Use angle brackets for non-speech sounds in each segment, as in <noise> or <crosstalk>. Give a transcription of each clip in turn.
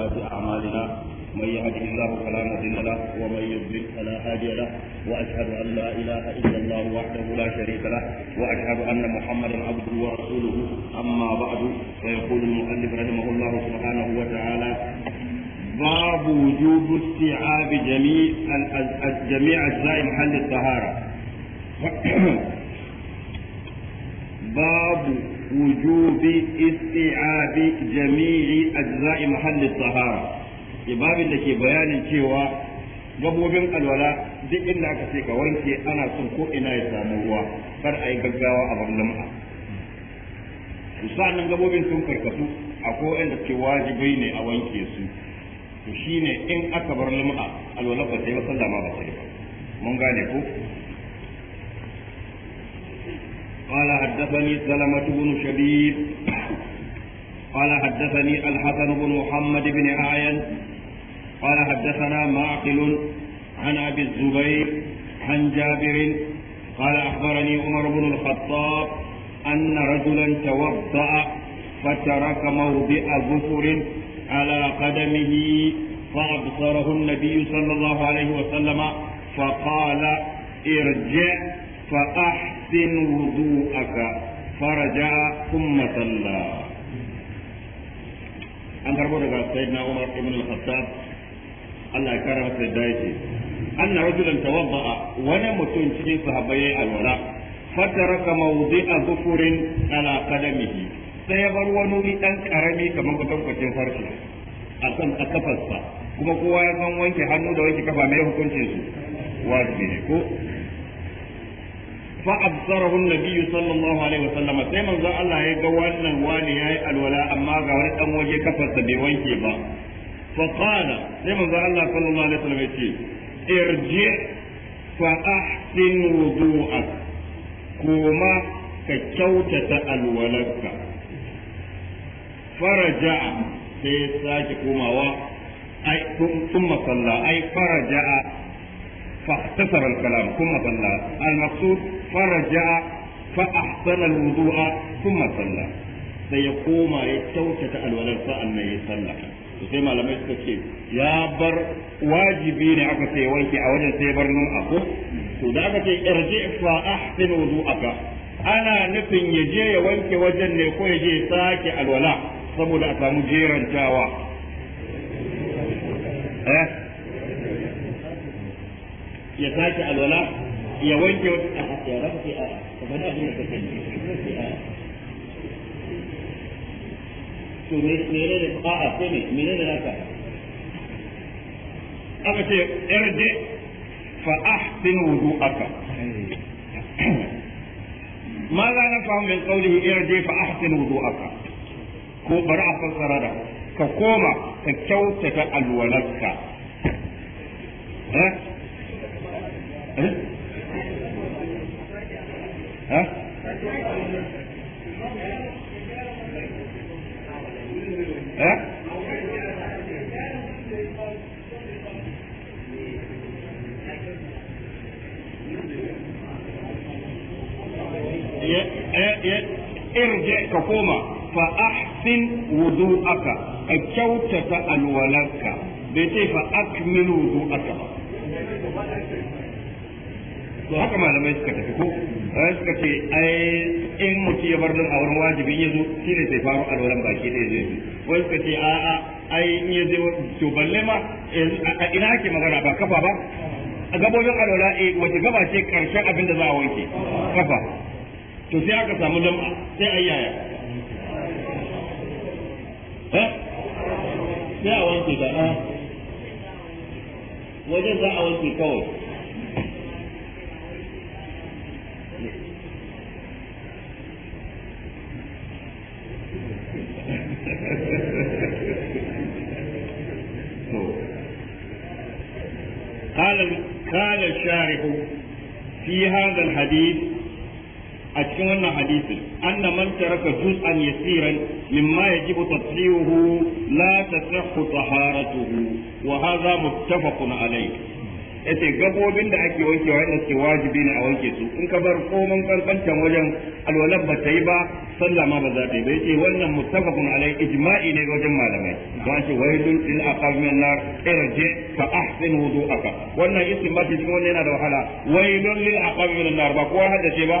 وسيئات أعمالنا من يهده الله فلا مضل له ومن يضلل فلا هادي له واشهد ان لا اله الا الله وحده لا شريك له واشهد ان محمدا عبده ورسوله اما بعد فيقول المؤلف رحمه الله سبحانه وتعالى باب وجوب استيعاب جميع جميع اجزاء محل الطهاره باب وجوب استيعاب جميع أجزاء محل الطهارة babin da ke bayanin cewa gabobin alwala duk inda aka ce ka wanke ana son ko ya samu ruwa kar a yi gaggawa a barlam'a sa'annan gabobin sun karkasu a ko'in da ke wajibai ne a wanke su to shine in aka bar lum'a alwala ba ta yi ba sallama ba ta ba mun gane ko قال حدثني سلمة بن شبيب قال حدثني الحسن بن محمد بن أعين قال حدثنا معقل عن أبي الزبير عن جابر قال أخبرني عمر بن الخطاب أن رجلا توضأ فترك موضع ظفر على قدمه فأبصره النبي صلى الله عليه وسلم فقال ارجع فأحسن أحسن وضوءك فرجع ثم صلى an karbo daga sayyidina Umar ibn al-Khattab Allah ya kara masa da yake anna rajulan tawadda'a wani mutum cikin sahabbai alwala fataraka mawdi'a dhufurin ala qadamihi sai ya bar wani wuri dan karami kamar kutan kwacin farko a kan a kafarsa kuma kowa ya san wanke hannu da wanke kafa mai hukuncin su wajibi ne ko fa absarahu an-nabi sallallahu alaihi wasallam sai manzo Allah ya ga wannan wani yayi alwala amma ga wani ɗan waje kafarsa bai wanke ba fa qala sai manzo Allah sallallahu alaihi wasallam ya ce irji fa ahsin wudu'ak kuma ka kyautata alwalarka faraja sai komawa ai masalla ai faraja فاختصر الكلام ثم صلى المقصود فرجع فأحسن الوضوء ثم صلى سيقوم يتوتة الولد أن يصلى sai malamai suka ce ya bar wajibi ne aka ce wanke a wajen sai bar nun to da aka ce irji fa ahsin wudu'aka ana nufin ya je ya wanke wajen ne ko ya je sake alwala saboda a samu jerantawa ya sake alwala ya wanke wata a ya rafa sai a kamar abin da kake yi to me ne ne a a sai ne me ne naka aka ce irji fa ahsin wudu'aka ماذا نفهم من قوله ارجع فاحسن وضوءك ko bari a fassara da ka koma ka kyautata alwalarka eh? ha eh? ha ka koma fa ahsin wudu'aka ka kyautata alwalarka to haka malamai suka tafi ko ai eh, suka ce ai in mutum ya bar a wurin wajibi ya zo shi ne sai faru alwalan baki da zai zo wai suka ce a a ai in ya zo to balle ma eh, ina ake magana ba kafa ba a gabojin alwala eh wace gaba ce karshen abin da za a wanke kafa to sai aka samu lam'a sai a yaya eh? sai a wanke da wajen za a wanke kawai الشارح في هذا الحديث أتكون حديث أن من ترك جزءا يسيرا مما يجب تطهيره لا تصح طهارته وهذا متفق عليه yace gabobin da ake wankewa yana ke wajibi ne a wanke su in ka bar koman kankancan wajen alwalar ba ta yi ba sallah ma ba za ta yi ba yace wannan muttafaqun alai ijma'i ne wajen malamai don shi wailun lil aqab min nar irji fa ahsin wudu'aka wannan istinbati cikin wannan yana da wahala wailun lil aqab min nar ba kowa hada ce ba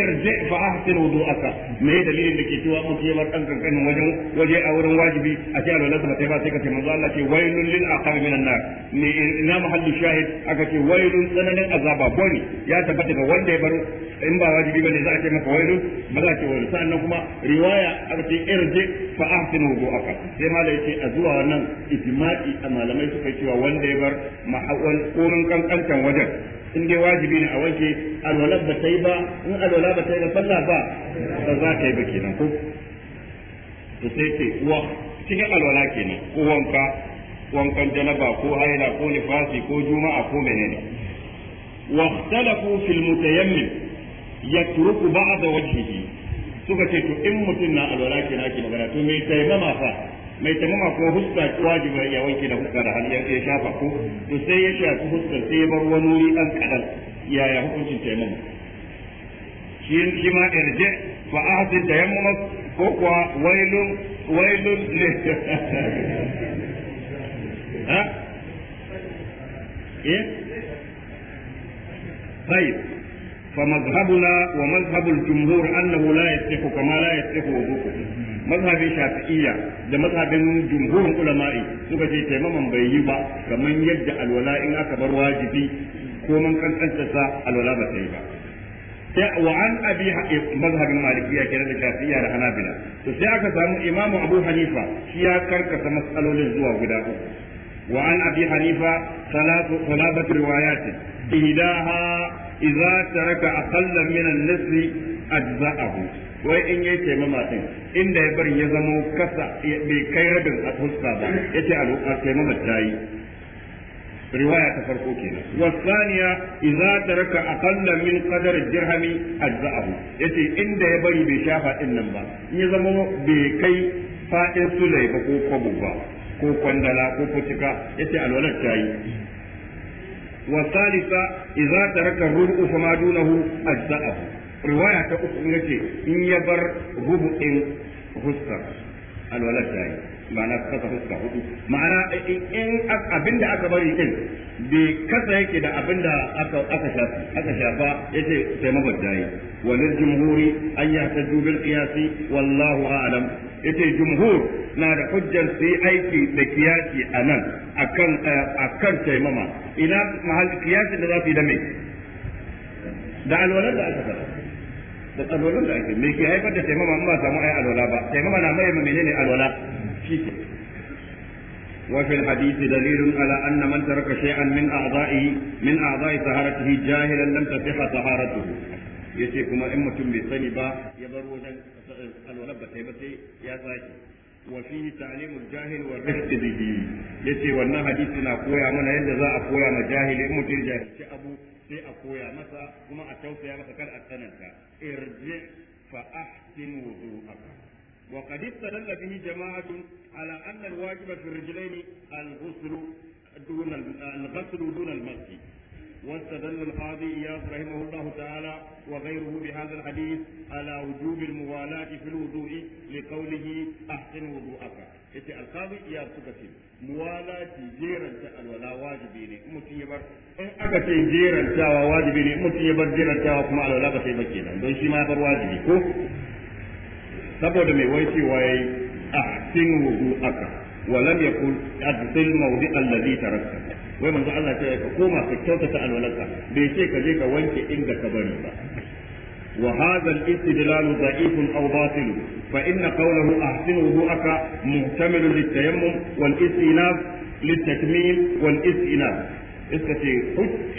irji fa ahsin wudu'aka me dalilin da ke cewa mutum ya bar dan kankanin wajen waje a wurin wajibi a ce alwala ba sai ba sai ka ce manzo Allah ce wailun lil aqab min nar ne ina mahallu shahid aka ce wailun tsananin azaba boni ya tabbata ga wanda ya bar in ba wajibi bane za a ce maka wailun ba za a ce wailun sannan kuma riwaya aka ce irji fa ahsinu wudu'aka sai malai ce yace a zuwa wannan ijma'i a malamai suka cewa wanda ya bar mahawal kurin kankantan wajen in dai wajibi ne a wanke alwala ba ta yi ba in alwala ba ta yi ba sallah ba ba za ka yi ba kenan ko to sai ce wa cikin alwala kenan ko wanka wankan janaba ko haila ko nifasi ko juma'a ko menene واختلفوا في المتيمم يترك بعض وجهه suka ce to in mutum na alwala ke na naki magana to mai taimama fa mai taimama ko huska wajiba ya wanke da huska da hali ya shafa ko to sai ya shafi huska sai ya bar wani wuri dan kadan yaya hukuncin taimama shi shi ma irje fa ahdin tayammum ko kwa wailun wailun ne <laughs> ha eh طيب فمذهبنا ومذهب الجمهور أنه لا يصح كما لا يصح وضوءه mazhabin shafi'iyya da mazhabin jumhurin ulama'i suka ce taimaman bai yi ba kamar yadda alwala in aka bar wajibi ko man kankanta sa alwala ba ta yi ba wa an abi mazhabin malikiya kenan da shafi'iyya da hanabila to sai aka samu imamu abu hanifa ya karkasa matsalolin zuwa guda uku wa an abi salatu idza taraka aqalla min an-nisfi ajza'ahu wai in yayi taimama matin inda ya bari ya zama kasa bai kai rabin a fuska ba yace a taimama matayi riwaya ta farko kenan thaniya idza taraka aqalla min qadar dirhami ajza'ahu yace inda ya bari bai shafa din nan ba in ya zama bai kai fa'in sulai ba ko kwabu ba ko kwandala ko kucika yace alwalar tayi والثالثة إذا ترك الربع فما دونه أجزأه رواية أخرى إن يبر ربع فسر الولد داي ma'ana kasa fuska hudu ma'ana in abinda aka bari din bai kasa yake da abin da aka aka shafa aka shafa yace sai mabadda yi walil jumhuri wallahu a'lam yace jumhur na da hujjar su yi aiki da kiyasi a nan akan akan taimama ina mahal kiyasi da za su yi da mai da alwalar da aka fara da alwalar da ake mai ke haifar da taimama in ba samu ai alwala ba taimama na mai ne alwala shike وفي الحديث دليل على أن من ترك شيئا من أعضائه من أعضاء طهارته جاهلا لم تصح طهارته yace kuma in mutum bai sani ba ya bar wajen alwalar ba ta yi ba sai ya sake wa fi yace wannan hadisi na koya mana yadda za a koya ma jahili in mutum jahilci abu sai a koya masa kuma a tausaya masa kar a tsananta irji fa ahsin wudu'aka وقد استدل به جماعة على أن الواجب في الرجلين الغسل دون الغسل دون المسح واستدل القاضي إياس رحمه الله تعالى وغيره بهذا الحديث على وجوب الموالاة في الوضوء لقوله أحسن وضوءك yace alqabi iya suka ce muwalati jeranta alwala wajibi ne mutum ya bar in aka ce jerantawa wajibi ne mutum ya bar jerantawa kuma alwala ba sai ba kenan don shi ma bar wajibi ko saboda mai wai yayi ahsin wudu'aka wa lam yakul wai manzo Allah ya ce ka koma ka kyautata alwalanka bai ce ka je ka wanke inda ka bari ba wa hadha al-istidlal da'ifun aw batil fa inna qawluhu ahsinuhu aka muhtamil lit-tayammum wal-istinab للتكميم والاستئناف iska ce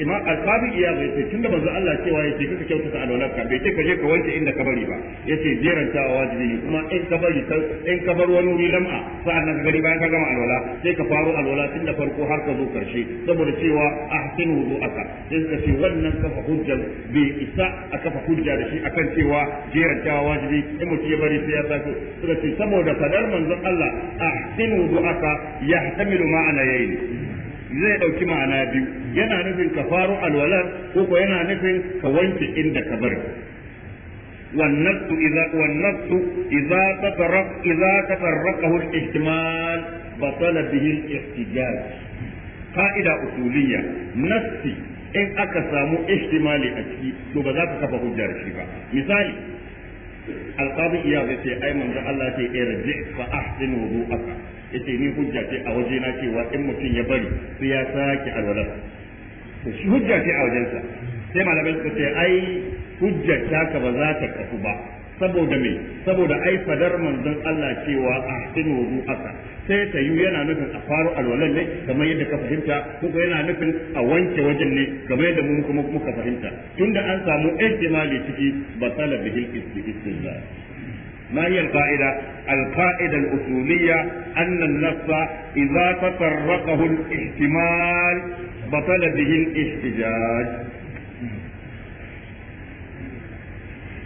imam alfabi iya bai ce tunda manzo Allah cewa yace kika kyautata ka bai ce ka je ka wanke inda ka bari ba yace jerantawa wajibi ne kuma in ka bari in ka bar wani wuri lam'a sa'annan ka gari bayan ka gama alwala sai ka faru alwala tun da farko har ka zo karshe saboda cewa ahsin wudu'aka sai ka ce wannan kafa hujja bai isa a kafa hujja da shi akan cewa jerantawa wajibi in mutum ya bari sai ya sake ce saboda fadar manzon Allah ahsin wudu'aka yahtamilu ma'ana yayin zai ɗauki ma'ana biyu yana nufin ka faru alwalar ko ko yana nufin ka wanke inda ka bari والنفس إذا والنفس إذا تفرق إذا تفرقه الاحتمال بطل به الاحتجاج قاعدة أصولية نفسي in aka samu ihtimali a ciki to ba za ka kafa hujjar shi ba misali alqadi iya zai ce ai manzo Allah ce eh, rabbi fa ahsin wudu'aka yace ni hujja ce a waje na cewa in mutum ya bari sai ya sake alwala to shi hujja ce a wajensa sai malamai suka ce ai hujja taka ba za ta kafu ba saboda me saboda ai fadar manzon Allah cewa ahsinu wudu'aka sai ta yi yana nufin a faru alwalan ne kamar yadda ka fahimta kuma yana nufin a wanke wajen ne kamar yadda mun kuma muka fahimta tunda an samu ihtimali ciki basala bihil istihza ما هي القاعدة؟ القاعدة الأصولية أن النص إذا تطرقه الاحتمال بطل به الاحتجاج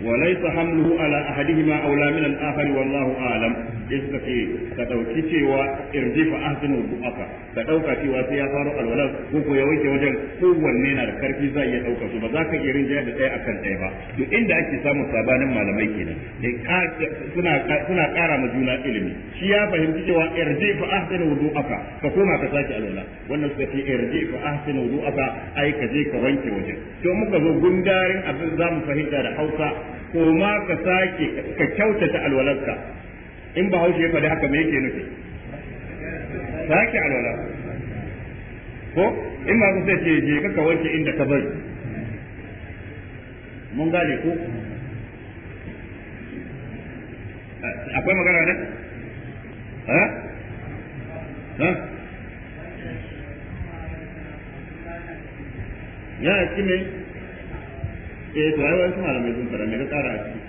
وليس حمله على أحدهما أولى من الآخر والله أعلم sai suka ka dauki cewa irji fa ahsinu du'aka ka dauka cewa sai ya faro alwala ko ko ya wanke wajen kowanne na da karfi za iya dauka su ba za ka iya rinjaya da ɗaya akan ɗaya ba to inda ake samun sabanin malamai kenan suna suna ƙara ma juna ilimi shi ya fahimci cewa irji fa ahsinu du'aka ka koma ka sake alwala wannan suka ce irji fa ahsinu du'aka ai ka je ka wanke wajen to muka zo gundarin abin za fahimta da Hausa ko ma ka sake ka kyautata alwalarka in ba haushe ya faɗi haka me yake nufi sake alwala ko in ma sai ce je ka wanke inda ka bari mun gane ko akwai magana ne ha ha ya ci mai eh to ai wani malamai sun fara ne ka tsara shi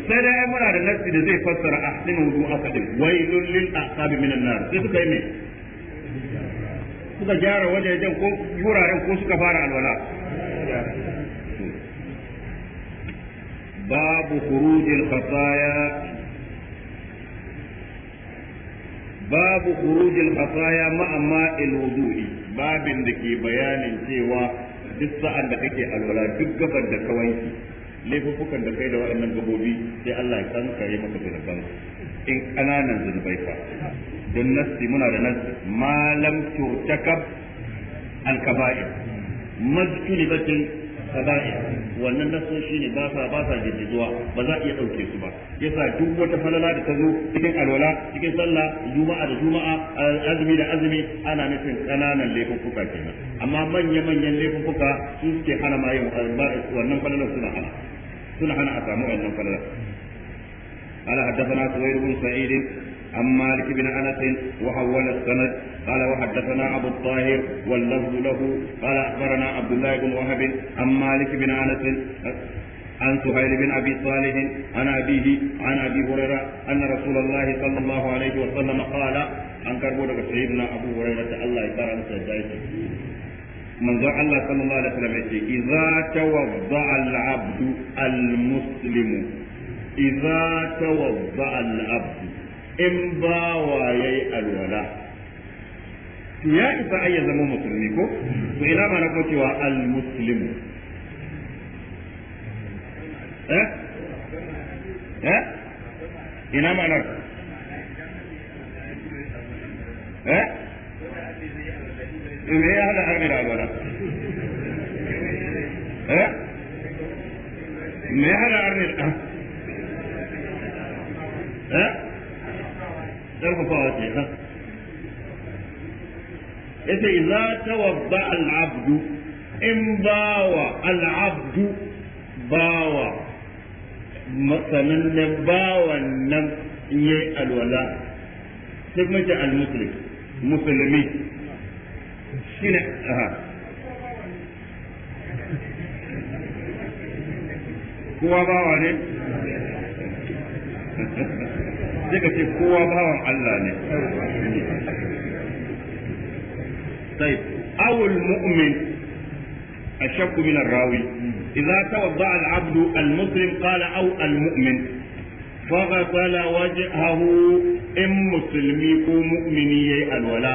sai dai ya mura da nassi da zai fassara a ahsinu wudu'aka din wailul lil aqabi minan nar sai kai ne me suka gyara wajejen ko wuraren ko suka fara alwala babu khurujil khataya babu khurujil khataya ma amma il wudu'i babin da ke bayanin cewa duk sa'an da kake alwala duk gaban da ka wanke. laifuffukan da kai da waɗannan gabobi sai Allah ya kare maka zunuban in ƙananan zunubai fa don nasi muna da nasi. malam turtakab alkaba'ir mazkilibatin kaba'ir wannan shi ne ba sa ba sa jiddizuwa ba za a iya ɗauke su ba yasa duk wata falala da ta zo cikin alwala cikin sallah juma'a da juma'a azumi da azumi ana nufin ƙananan laifuffuka kenan amma manya-manyan laifuffuka su suke hana ma yin wannan falalar suna hana suna hana a samu wannan falala قال حدثنا سويد بن سعيد عن مالك بن انس وحول السند قال وحدثنا ابو الطاهر واللفظ له قال اخبرنا عبد الله بن وهب عن مالك بن انس عن سهيل بن ابي صالح عن ابيه عن ابي هريره ان رسول الله صلى الله عليه وسلم قال عن كربوده سيدنا ابو هريره الله يبارك فيه manzon Allah sallallahu alaihi wasallam yace idza tawadda al-abd al-muslimu idza tawadda al-abd in ba waye alwala ya isa ai ya zama musulmi ko to ina ma na ko cewa al-muslimu eh eh ina ma na eh me ya hada harbi da abada eh? me ya hada harbi da eh ce ha yace idza tawadda al-abdu in bawa al-abdu bawa masanannen bawan nan yayi alwala sai mace al-muslim musulmi shine kowa bawa ne sai ka ce kowa bawan Allah ne sai awul mu'min ashakku min rawi idza tawadda al-abd al-muslim qala aw al-mu'min فغسل وجهه إن مسلمي كو مؤمني alwala.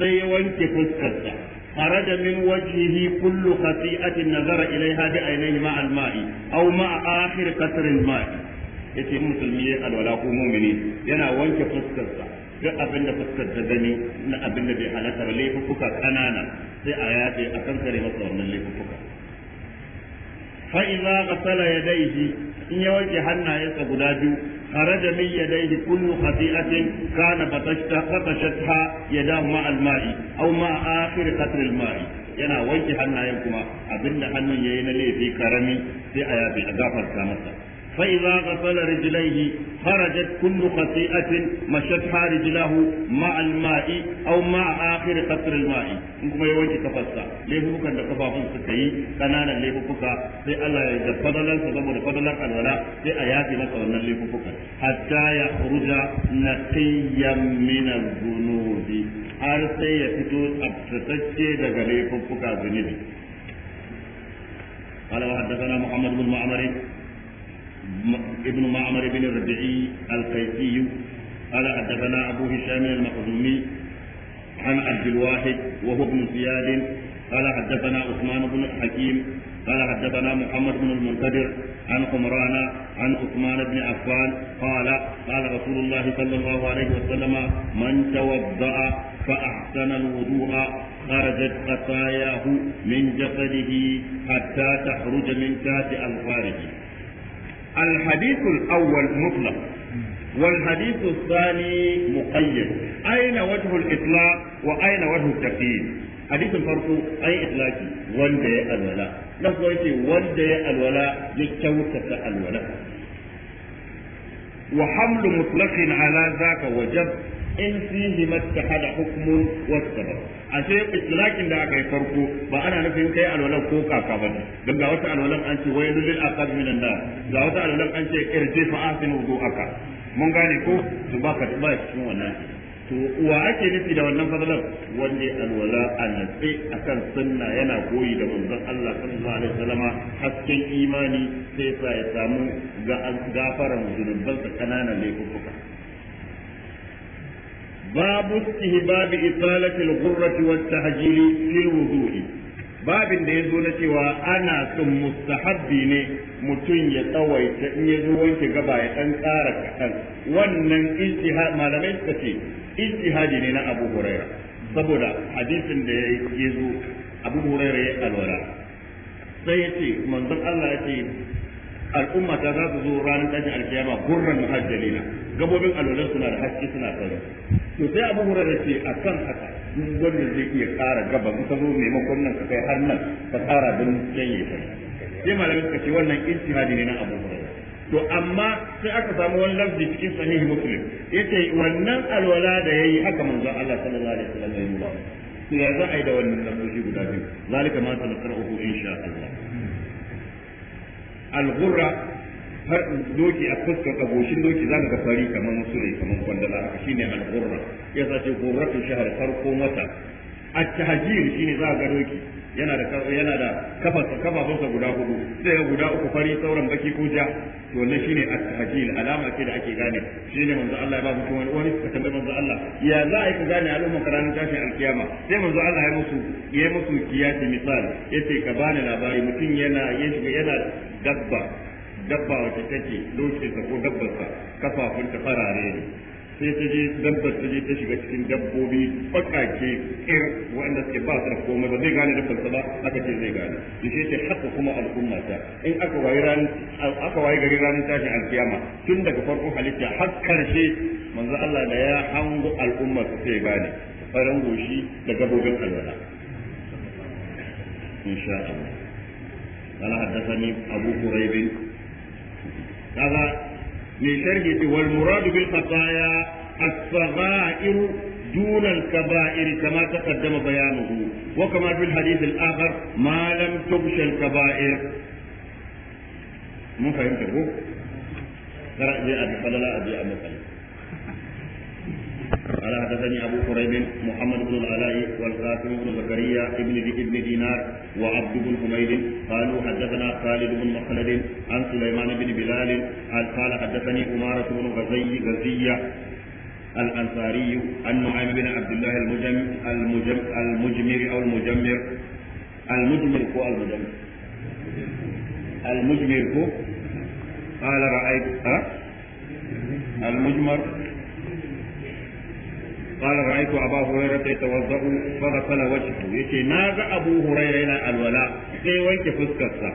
sai ya wanke fuskarsa خرج من وجهه كل خطيئة نظر إليها بعينيه مع الماء أو مع آخر قطر الماء yace musulmi ya alwala ko mumini yana wanke fuskarsa duk abin da fuskar ta gani na abin da bai halatta ba laifuffuka kanana sai a yafe a kan kare masa wannan laifuffuka fa idza ghasala yadayhi in ya wanke hannayensa guda biyu خرج من يديه كل خطيئة كان بطشتها يداه مع الماء أو مع آخر قطر الماء yana wanke hannayen kuma abinda hannun yayi na laifi karami sai a yafi a gafarta masa fa idza ghasala rijlaihi kharajat kullu khati'atin mashatha rijlahu ma'a al-ma'i aw ma'a akhir qatr al-ma'i in kuma ya wanke kafarsa laifukan da kafafun suka yi kananan laifuka sai Allah ya da fadalan sa saboda fadalan alwala sai a yafi masa wannan laifukan hatta ya ruja naqiyyan min al-dhunubi har sai ya fito tsaftatacce daga laifuffuka zunubi قال وحدثنا محمد بن معمر ابن معمر بن الربيعي القيسي قال حدثنا ابو هشام المخزومي عن عبد الواحد وهو ابن زياد قال حدثنا عثمان بن حكيم قال حدثنا محمد بن المنكدر عن عمران عن عثمان بن عفان قال قال رسول الله صلى الله عليه وسلم من توضأ فأحسن الوضوء خرجت خطاياه من جسده حتى تخرج من كاس الخارج الحديث الأول مطلق والحديث الثاني مقيد أين وجه الإطلاق وأين وجه التقييد hadisin farko an yi itlaki wanda ya alwala na kuma yake wanda ya alwala ya kyautata alwala wa hamlu mutlaqin ala zaka wajab in fihi mattahada hukmun wasabab ashe itlaqin da aka yi farko ba ana nufin kai alwalan ko kaka ba ne don ga wata alwalan an ce wayu lil aqab minan nar ga wata alwalan an ce irje fa wudu aka mun gane ko ba ka ba cikin wannan to wa ake nufi da wannan fadlan wanda alwala a kan akan sunna yana koyi da manzon Allah sallallahu alaihi wasallama hasken imani sai sa ya samu ga gafaran zunuban sa kananan laifuka babu istihbab isalati al-ghurrati wat-tahjili fil wudu'i babin da ya zo na cewa ana son mustahabbi ne mutum ya tsawaita in ya zo wanke gaba ya dan tsara kan wannan ijtihad malamai suka ce ijtihadi ne na Abu Huraira saboda hadisin da ya zo Abu Huraira ya alwala sai ya ce manzon Allah ya ce al'umma ta za su zo ranar tashin alkiyama gurran muhajjalina gabobin alwalan suna da haske suna sauri to sai Abu Huraira ce akan haka duk wanda zai iya kara gaba in ka zo maimakon nan ka kai har nan ka ƙara don janye sai malamin ka ce wannan ijtihadi ne na Abu Huraira to amma sai aka samu wani lafzi cikin sahih muslim yace wannan alwala da yayi haka manzo Allah sallallahu alaihi wasallam ya yi to ya za a yi da wannan lafzi guda biyu zalika ma tanqaruhu insha Allah al-ghurra har doki a fuskar kaboshin doki za ka fari kamar musure kamar kwandala haka shine al-ghurra ya zace ghurratu shahr farko wata at-tahjir shine za ga doki yana da yana da kafa kafafunsa guda hudu sai ga guda uku fari sauran baki ko ja to wannan shine at-tahjil alama ce da ake gane shine manzo Allah ya ba mutum wani wani ka tambaye manzo Allah ya za a yi ku gane al'umma karanin tashin alkiyama sai manzo Allah ya musu ya musu kiyati misali yace ka bani labari mutum yana yana dabba dabba wacce take lokacin ko dabbarsa kafafunta farare ne sai ta je dabbar ta je ta shiga cikin dabbobi bakake kir wanda suke ba su da komai ba zai gane da sa ba aka ce zai gane to sai ce haka kuma al'umma ta in aka wayi ran aka wayi gari ranar tashin alkiyama tun daga farkon halitta har karshe manzo Allah da ya hango al'umma su sai gane faran goshi da gabobin alwala insha Allah قال حدثني أبو كريب هذا mai sharhi ce wal muradu bil khataya as-sagha'ir دون الكبائر كما تقدم بيانه وكما في الحديث الآخر ما لم تغش الكبائر mun fahimta ko kar a je a bi falala a je a قال حدثني ابو كريب محمد بن العلاء والقاسم بن زكريا ابن ابن دينار وعبد بن حميد قالوا حدثنا خالد بن مخلد عن سليمان بن بلال قال حدثني عمارة بن غزي غزية الأنصاري عن نعيم بن عبد الله المجم المجم المجمر أو المجمر المجمر هو المجمر المجمر هو قال رأيت المجمر قال رأيت أبا هريرة يتوضأ فغسل وجهه يتي ناغ أبو هريرة إلى الولاء سي سيوانك فسكسا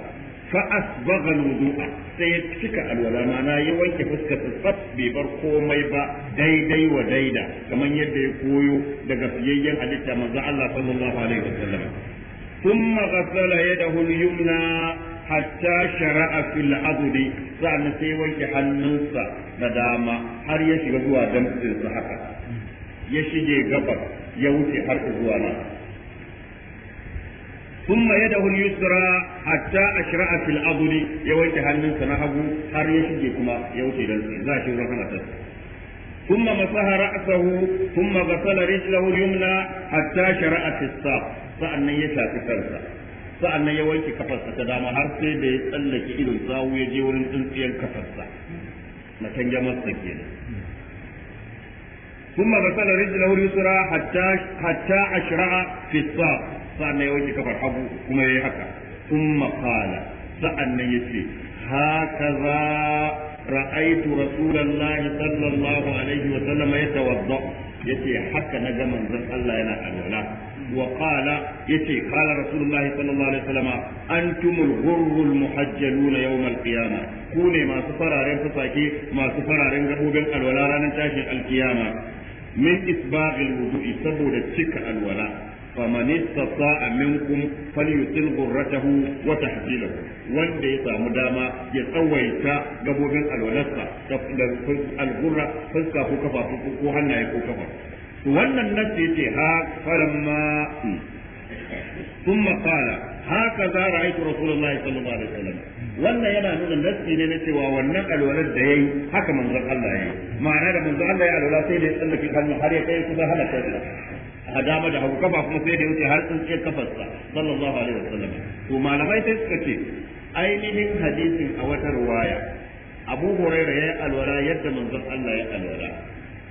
فأسبغ الوضوء سي تشك الولاء معنا يوانك فسكسا ببر قومي با ديدي وديدا كمن يدي قويو دقفيين حديث مزع الله صلى الله عليه وسلم ثم غسل يده اليمنى حتى شرع في العضد سي سيوانك حنوسا ندامة هل يشغلوا دمسل صحكا ya shige gabas ya wuce har zuwa nan ثم يده اليسرى حتى أشرع في الأبد يوجه هل سنهب هر يشجي كما يوجه ثم مسح رأسه ثم غسل رجله اليمنى حتى شرع الساق فأنا يشاف كرسه sa'annan ya wanke kafarsa ta dama har sai da ya tsallake idon sawu ya je wurin tsintsiyar kafarsa na ثم غسل رجله اليسرى حتى حتى أشرع في الصاق صار يوجه كفر حبه كما يحكى ثم قال سألنا يسي هكذا رأيت رسول الله صلى الله عليه وسلم يتوضأ يتي حكى نجم من الله ينا الولاء وقال يتي قال رسول الله صلى الله عليه وسلم أنتم الغر المحجلون يوم القيامة كوني ما سفر عرين تساكي ما سفر عرين قبوبين الولاء لن تاشي القيامة min isbaghil wudu'i saboda cika alwala faman istata'a minkum falyutil ghurratahu wa tahjilahu wanda ya samu dama ya tsawaita gabobin alwalarsa da algurra fuska ko kafa ko hannaye ko kafa wannan nasi yace ha falamma ثم قال هكذا رأيت رسول الله صلى الله عليه وسلم wannan yana nuna nassi ne na cewa wannan alwalar da yayi haka manzon Allah yayi ma'ana da manzon Allah ya alwala sai da ya tsallake hannu har ya kai kuma halaka a dama da hagu kafa kuma sai da wuce har ce kafarsa sallallahu alaihi wasallam to malamai sai suka ce ainihin hadisin a wata ruwaya abu hurairah ya alwala yadda manzon Allah ya alwala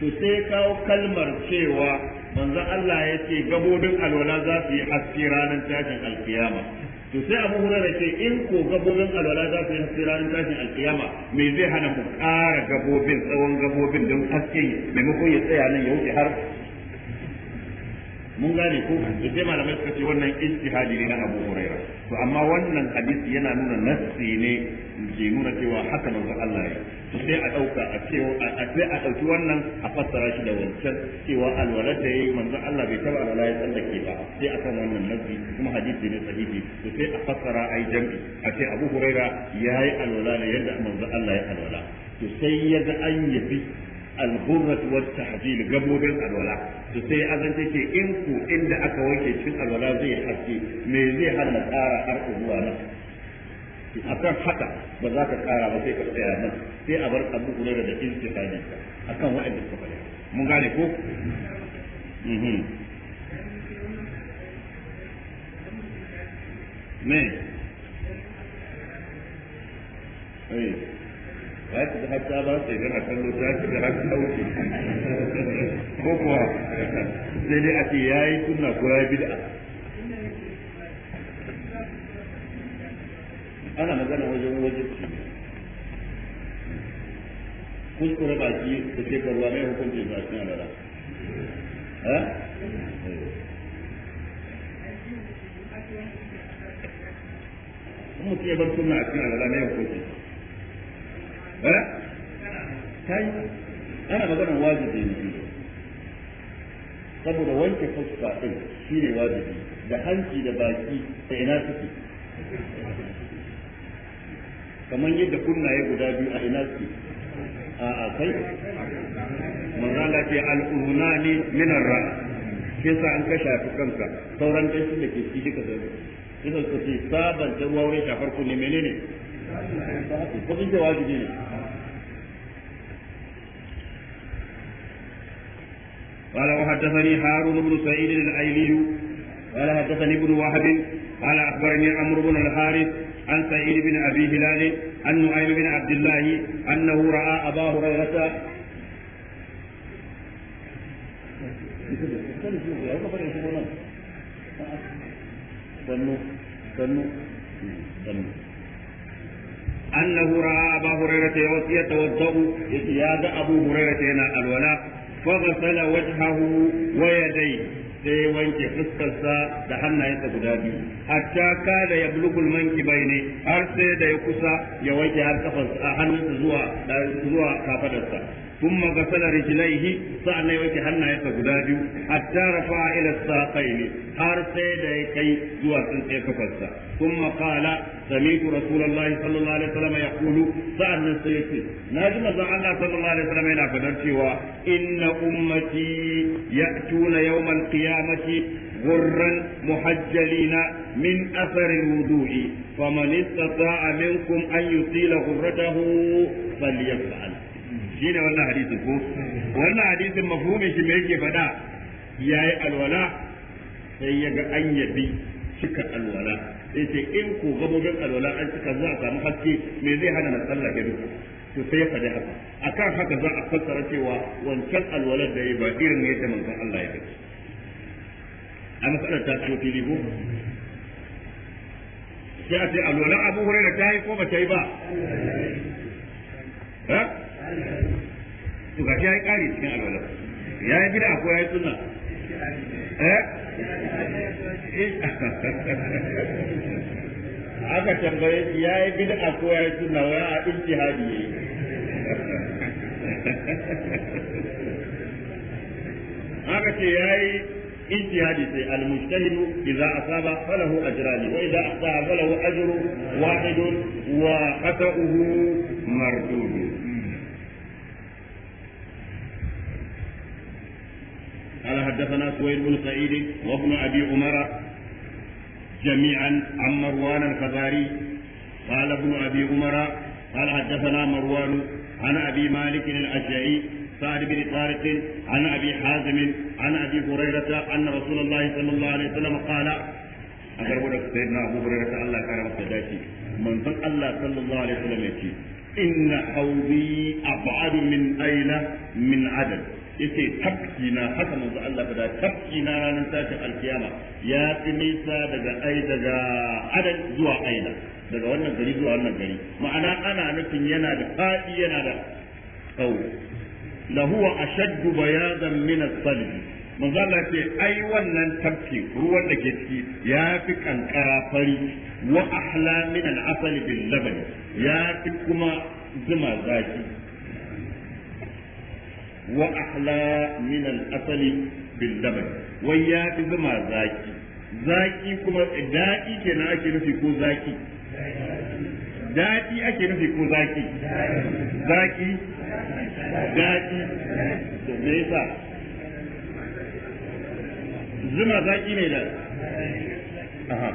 to sai kawo kalmar cewa manzon Allah ya ce gabobin alwala za su yi haske ranar tashin alkiyama to sai abu da ce in ko gabobin alwala za su yi haske ranar tashin alkiyama me zai hana ku kara gabobin tsawon gabobin don haske maimakon ya tsaya nan ya wuce har mun gane ko to sai malamai suka ce wannan ijtihadi ne na Abu Huraira to amma wannan hadisi yana nuna nassi ne ke nuna cewa haka manzo Allah ya sai a dauka a ce a sai a dauki wannan a fassara shi da wancan cewa alwala da yayi manzo Allah bai taba alwala ya ke ba sai akan wannan nassi kuma hadisi ne sahihi to sai a fassara ai jam'i a ce Abu Huraira yayi alwala ne yadda manzo Allah ya alwala to sai ya ga an yabi al-burrat wa tahjil gabobin alwala to sai azan take in ku inda aka wanke cikin alwala zai haske me zai hana tsara har zuwa nan a kan haka ba za ka kara ba sai ka tsaya nan sai a bar abu kula da iltifani akan wa'anda suka faɗa mun gane ko ne mhm. eh ya har ta ba sai gana kallo ta har ta wuce ko kuwa sai dai a ce ya yi ko ya yi bid'a ana magana wajen wajen kuskure baki da ke karuwa mai a cikin ya bar suna a cikin alara mai hukuncin kai ana maganar wajibi ne saboda wanke fuska din shine wajibi da hanci da baki da ina suke kamar yadda kunnaye guda biyu a ina suke a a kai manzala ce al'unani minar ra shi sa an kashe shafi kanka sauran ɗan da ke ciki duka zai shi su ce ruwa wurin shafar kunne menene قال وحدثني هارون بن سعيد الايلي قال حدثني ابن وهب قال اخبرني عمرو بن الحارث عن سعيد بن ابي هلال عن نعيم بن عبد الله انه راى ابا هريره sannu sannu أنه رأى أبا هريرة يتوضأ إذ أبو هريرة الولاء فغسل وجهه ويديه sai wanke fuskarsa da hannayensa guda biyu hatta kada ya bulugul manki bai ne har sai da ya kusa ya wanke har kafarsa hannunsa zuwa zuwa kafadarsa ثم غسل رجليه سأنا يوتي هنا يتغدادي حتى رفع إلى الساقين har sai da ya kai zuwa tsintsiyar kafarsa sun makala samitu rasulullahi sallallahu alaihi wasallam ya kulu sa'an nan sai yake na ji mazan Allah sallallahu alaihi wasallam yana fadar cewa inna ya'tuna yawmal qiyamati غرا محجلين من أثر الوضوء فمن استطاع منكم أن يطيل غرته فليفعل shi ne wannan hadisin ko wannan hadisin mafhumin shi me yake faɗa yayi alwala sai ya ga an yabi cika alwala sai ce in ko gabobin alwala an cika za a samu haske me zai hana na sallah ya duka to sai ya faɗi haka akan haka za a fassara cewa wancan alwalar da ya ba irin yadda manzon Allah ya faɗi a matsalar ta ciwo fili ko sai a ce alwala abu da ta yi ko ba ta yi ba to gashi ya yi ƙari cikin alwala ya yi bid'a ko ya yi suna, eh <laughs> aka tambaye shi ya yi bid'a ko ya yi sunna wa a ijtihadi yayi <laughs> aka ce ya yi inci ijtihadi sai al-mujtahid idza asaba falahu ajrani wa idza asaba falahu ajru wahid wa qata'uhu mardud قال حدثنا سويد بن سعيد وابن ابي عمر جميعا عن مروان الخزاري قال ابن ابي عمر قال حدثنا مروان عن ابي مالك الاشعري سعد بن طارق عن ابي حازم عن ابي هريره ان رسول الله صلى الله عليه وسلم قال agar wadda sayyidina Abu Hurairah Allah ya kara masa dace manzon Allah sallallahu alaihi wasallam yace inna hawzi ab'ad min ayla min adad yace tafkina haka manzo Allah fada tafkina ranar tashin alkiyama ya fi nisa daga ai daga adal zuwa aina daga wannan gari zuwa wannan gari ma'ana ana nufin yana da fadi yana da tsawo lahuwa ashaddu bayadan min as-salbi manzo Allah ce ai wannan tafki ruwan da ke ciki ya fi kankara fari wa ahla min al-asal bil laban ya fi kuma zuma zaki wa ahla min al-asali bil laban wai ya fi zama zaki zaki kuma daɗi na ake nufi ko zaki daɗi ake nufi ko zaki zaki daɗi to me zuma zaki ne da aha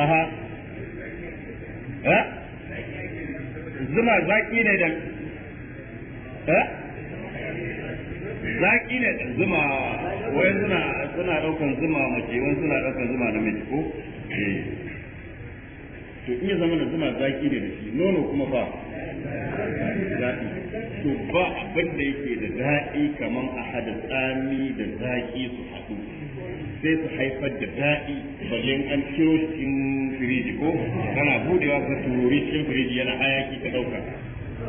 aha zuma zaki ne da eh zaki ne zuma wayan suna suna daukan zuma mace suna daukan zuma na miji ko eh. to in ya zama da zuma zaki ne da shi nono kuma ba daɗi to ba abin da yake da daɗi kaman a hada tsami da zaki su haɗu sai su haifar da daɗi balle an ciro cikin firiji ko kana budewa ka turori cikin firiji yana hayaki ka ɗauka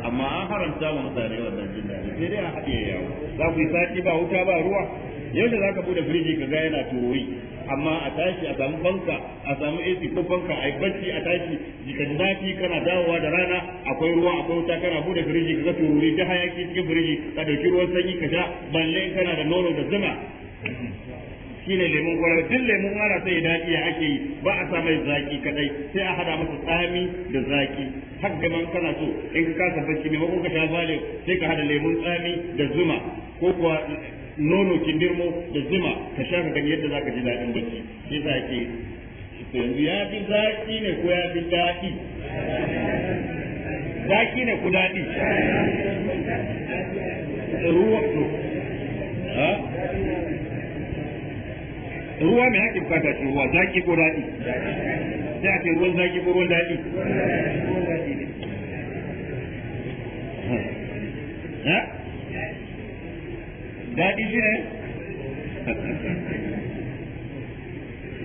amma an haramta wa mutane wannan jin daɗi sai dai a haɗe yawo za ku yi sati ba wuta ba ruwa yadda za ka bude firiji ka ga yana turoyi amma a tashi a samu banka a samu AC ko banka a bacci a tashi jikan zafi kana dawowa da rana akwai ruwa akwai wuta kana bude firiji ka ga tururi ta hayaki cikin firiji ka dauki ruwan sanyi ka sha balle kana da nono da zuma shine lemun gwara duk lemun gwara sai daɗi iya ake yi ba a sa mai zaki kadai sai a hada masa tsami da zaki har man kana so in ka kasa bacci ne ko ka sha zale sai ka hada lemun tsami da zuma ko kuwa nono kindirmo da zuma ka sha ka gani yadda zaka ji dadin bacci sai zaki ake yanzu ya fi zaki ne ko ya fi daɗi zaki ne ku daɗi ruwa ha ruwa mai haƙin fata shi ruwa zaƙi ko daɗi sai a ce ruwan zaƙi ko ruwan daɗi eh? daɗi shi ne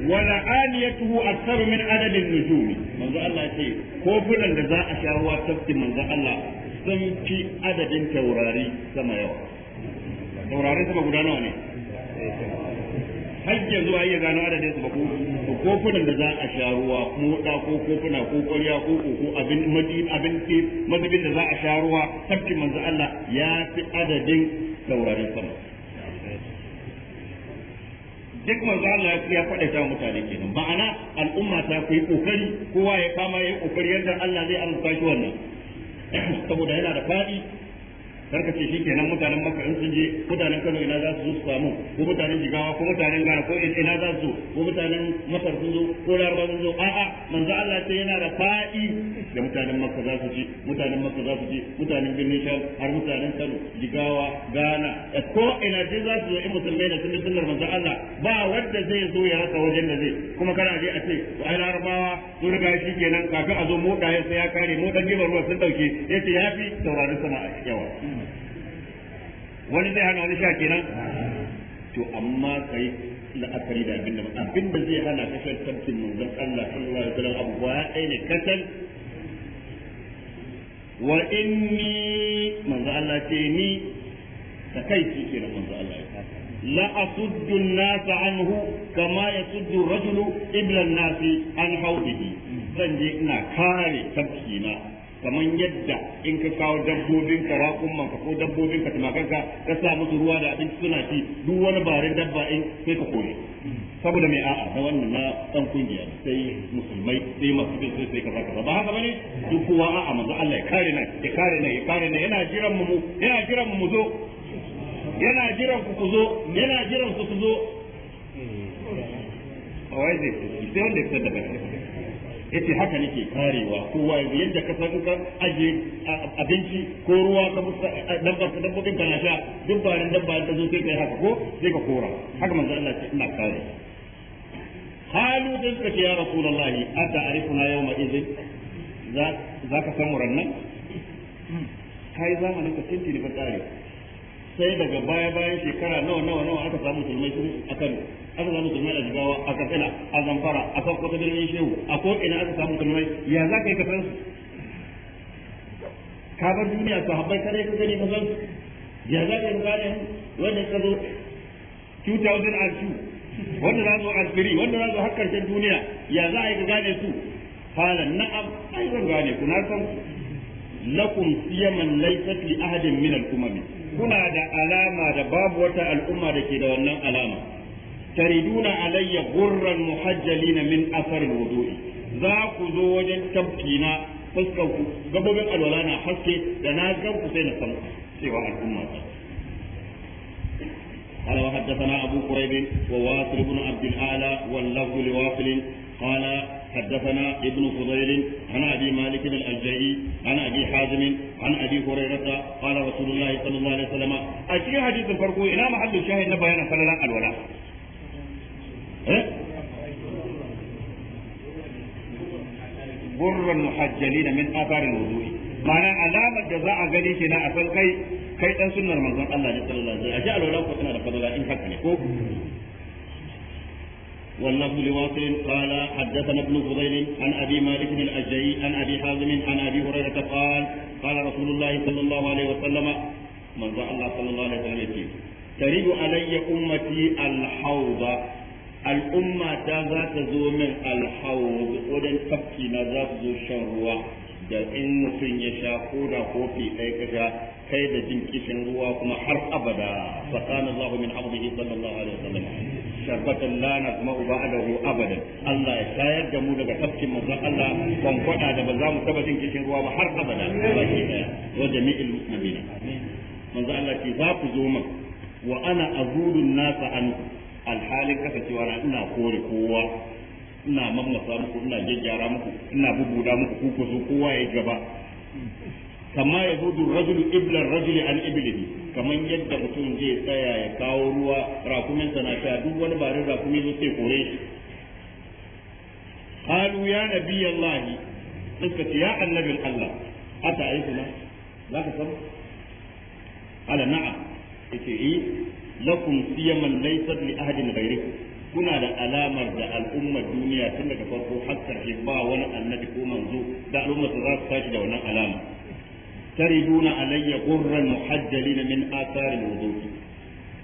wala aniyatuhu aktsaru min adadin nujumi manzo Allah ya ce kofunan da za a sha ruwa tafki manzo Allah sun fi adadin taurari sama yawa taurari sama guda nawa ne har yanzu ba iya gano adadin su ba ko kofunan da za a sha ko da ko kofuna ko kwarya ko ko abin abin da za a sha ruwa tafkin manzo Allah ya fi adadin sauraron sama duk manzo Allah ya faɗa ta mutane kenan ma'ana al'umma ta ku yi kokari kowa ya kama ya kokari yadda Allah zai amsa shi wannan <coughs> saboda yana da fadi kar ka ce shikenan mutanen Makka in sun je mutanen Kano ina za su zo su samu ko mutanen Jigawa ko mutanen Gana ko ina za su ko mutanen Masar sun zo ko Laraba sun zo a'a manzo Allah sai yana da fa'i da mutanen Makka za su je mutanen maka za su je mutanen Birnin Sham har mutanen Kano Jigawa Gana ko ina je za su zo in musulmai da sun sunnar manzo Allah ba wanda zai zo ya rasa wajen da zai kuma kana je a ce wai Larabawa sun riga kenan kafin a zo mota ya sai ya kare mota jibar ruwa sun dauke yace yafi sama a yawa wani zai hana wani sha kenan to amma kai la'akari da abin da abin da zai hana kasar tafkin manzon Allah sallallahu alaihi wasallam abu ya ne kasan? wa inni manzo Allah ce ni da kai shi kenan manzo Allah ya la asuddu an-nas anhu kama yasuddu ar-rajulu ibla an-nas an hawdihi zan je ina kare tafkina kamar yadda in ka kawo dabbobin ka man ka ko dabbobin ka tumakan ka ka sa musu ruwa da abinci suna ci duk wani barin dabba in sai ka kore saboda mai a'a da wannan na dan kungiya sai musulmai sai masu bin sai sai ka kaza ba haka bane duk kowa a'a manzo Allah ya kare na ya kare na ya kare na yana jiran mu yana jiran mu zo yana jiran ku ku zo yana jiran ku ku zo a wai zai sai wanda ya fitar da yace haka nake karewa kowa yadda ka san ka aje abinci ko ruwa ka dan ba ka dabbobin kana sha duk ba ran dabba ta zo sai kai haka ko sai ka kora haka manzo Allah ce ina kare halu din ka ce ya rasulullahi ata yau ma idin za ka san murannan kai zamanin ka tinti ne ba kare sai daga baya bayan shekara nawa nawa nawa aka samu musulmai sun a Kano aka samu musulmai a Jigawa a Katsina a Zamfara a kwata birnin Shehu a ko ina aka samu musulmai ya za ka yi kasan su ka bar duniya habbai kare ka gani kasan su ya za ka yi su wanda ka zo 2002 wanda za zo alfiri wanda za zo har karshen duniya ya za a yi ka gane su qala na'am ai zan gane ku na san lakum siyaman laysat li ahadin min al-umami kuna da alama da babu wata al'umma da ke da wannan alama tariduna alayya gurran na min asar wudu'i za ku zo wajen tafkina fuskar ku gabobin alwala na haske da na gan ku sai na san cewa al'umma ce قال وحدثنا أبو قريب وواصل بن عبد الأعلى واللفظ لواصل قال حدثنا ابن فضيل عن ابي مالك الالجئي عن ابي حازم عن ابي هريره قال رسول الله صلى الله عليه وسلم اشياء حديث فرقوا الى محل الشاهد نبينا فلا الولاء برا محجلين من اثار الوضوء معنى علامة جزاء غني كنا أفل كي كي تنسلنا رمضان الله صلى الله عليه وسلم أجعل ولا قتنا لفضل إن حقني واللفظ لواصل قال حدثنا ابن فضيل عن ابي مالك الاشجعي عن ابي حازم عن ابي هريره قال قال رسول الله صلى الله عليه وسلم من ذا الله صلى الله عليه وسلم تريد علي امتي الحوض الأمة ذات زوم الحوض ودن تبكي ذات ذو شروة da in mutum ya sha ko da kofi ɗaya ka sha kai da jin kishin ruwa kuma har abada tsakanin Allah min abdihi sallallahu alaihi wasallam sharbatan la nasma'u ba'dahu abadan Allah ya shayar da mu daga tafkin manzon Allah ban kwada da ba za mu taba jin kishin ruwa ba har abada baki daya wa jami'il muslimina manzon Allah ce za ku zo min wa ana azuru nasa an alhalin cewa na ina kore kowa ina mamasa muku ina jajjara muku ina bubuda muku ku ku zo kowa ya gaba kama ya hudu rajulu iblar rajuli an iblihi kamar yadda mutum zai saya ya kawo ruwa rakuminsa na sha duk wani barin rakumi zai sai kore shi qalu ya nabiyallahi suka ce ya annabin Allah ata aikuna za ka san ala na'am yace eh lakum siyaman laysat li ahadin ghayrikum kuna da alamar da al'ummar duniya tun daga farko har ba wani annabi ko manzo da al'ummar za su tashi da wannan alama يقتربون علي غرا محجلين من آثار الوضوء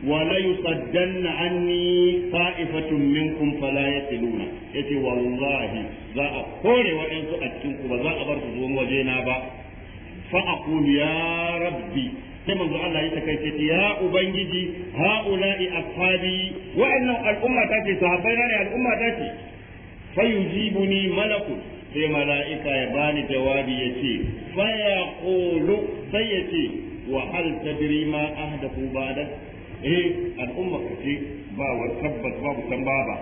وليصدن عني طائفة منكم فلا يصلون يتي والله ذا أقول وإنت أتنكم وذا أبرتزون وجينا با فأقول يا ربي sai manzo Allah ya takaice ya ubangiji haula'i ashabi wa'annan al'umma ta ce sahabbai ne al'umma ta ce fayujibuni malakun sai mala'ika ya bani jawabi ya ce faya ƙolo sai ya ce wa hal tadri ma ahdathu ba'da eh al'umma kace ba wa tabbas ba ba,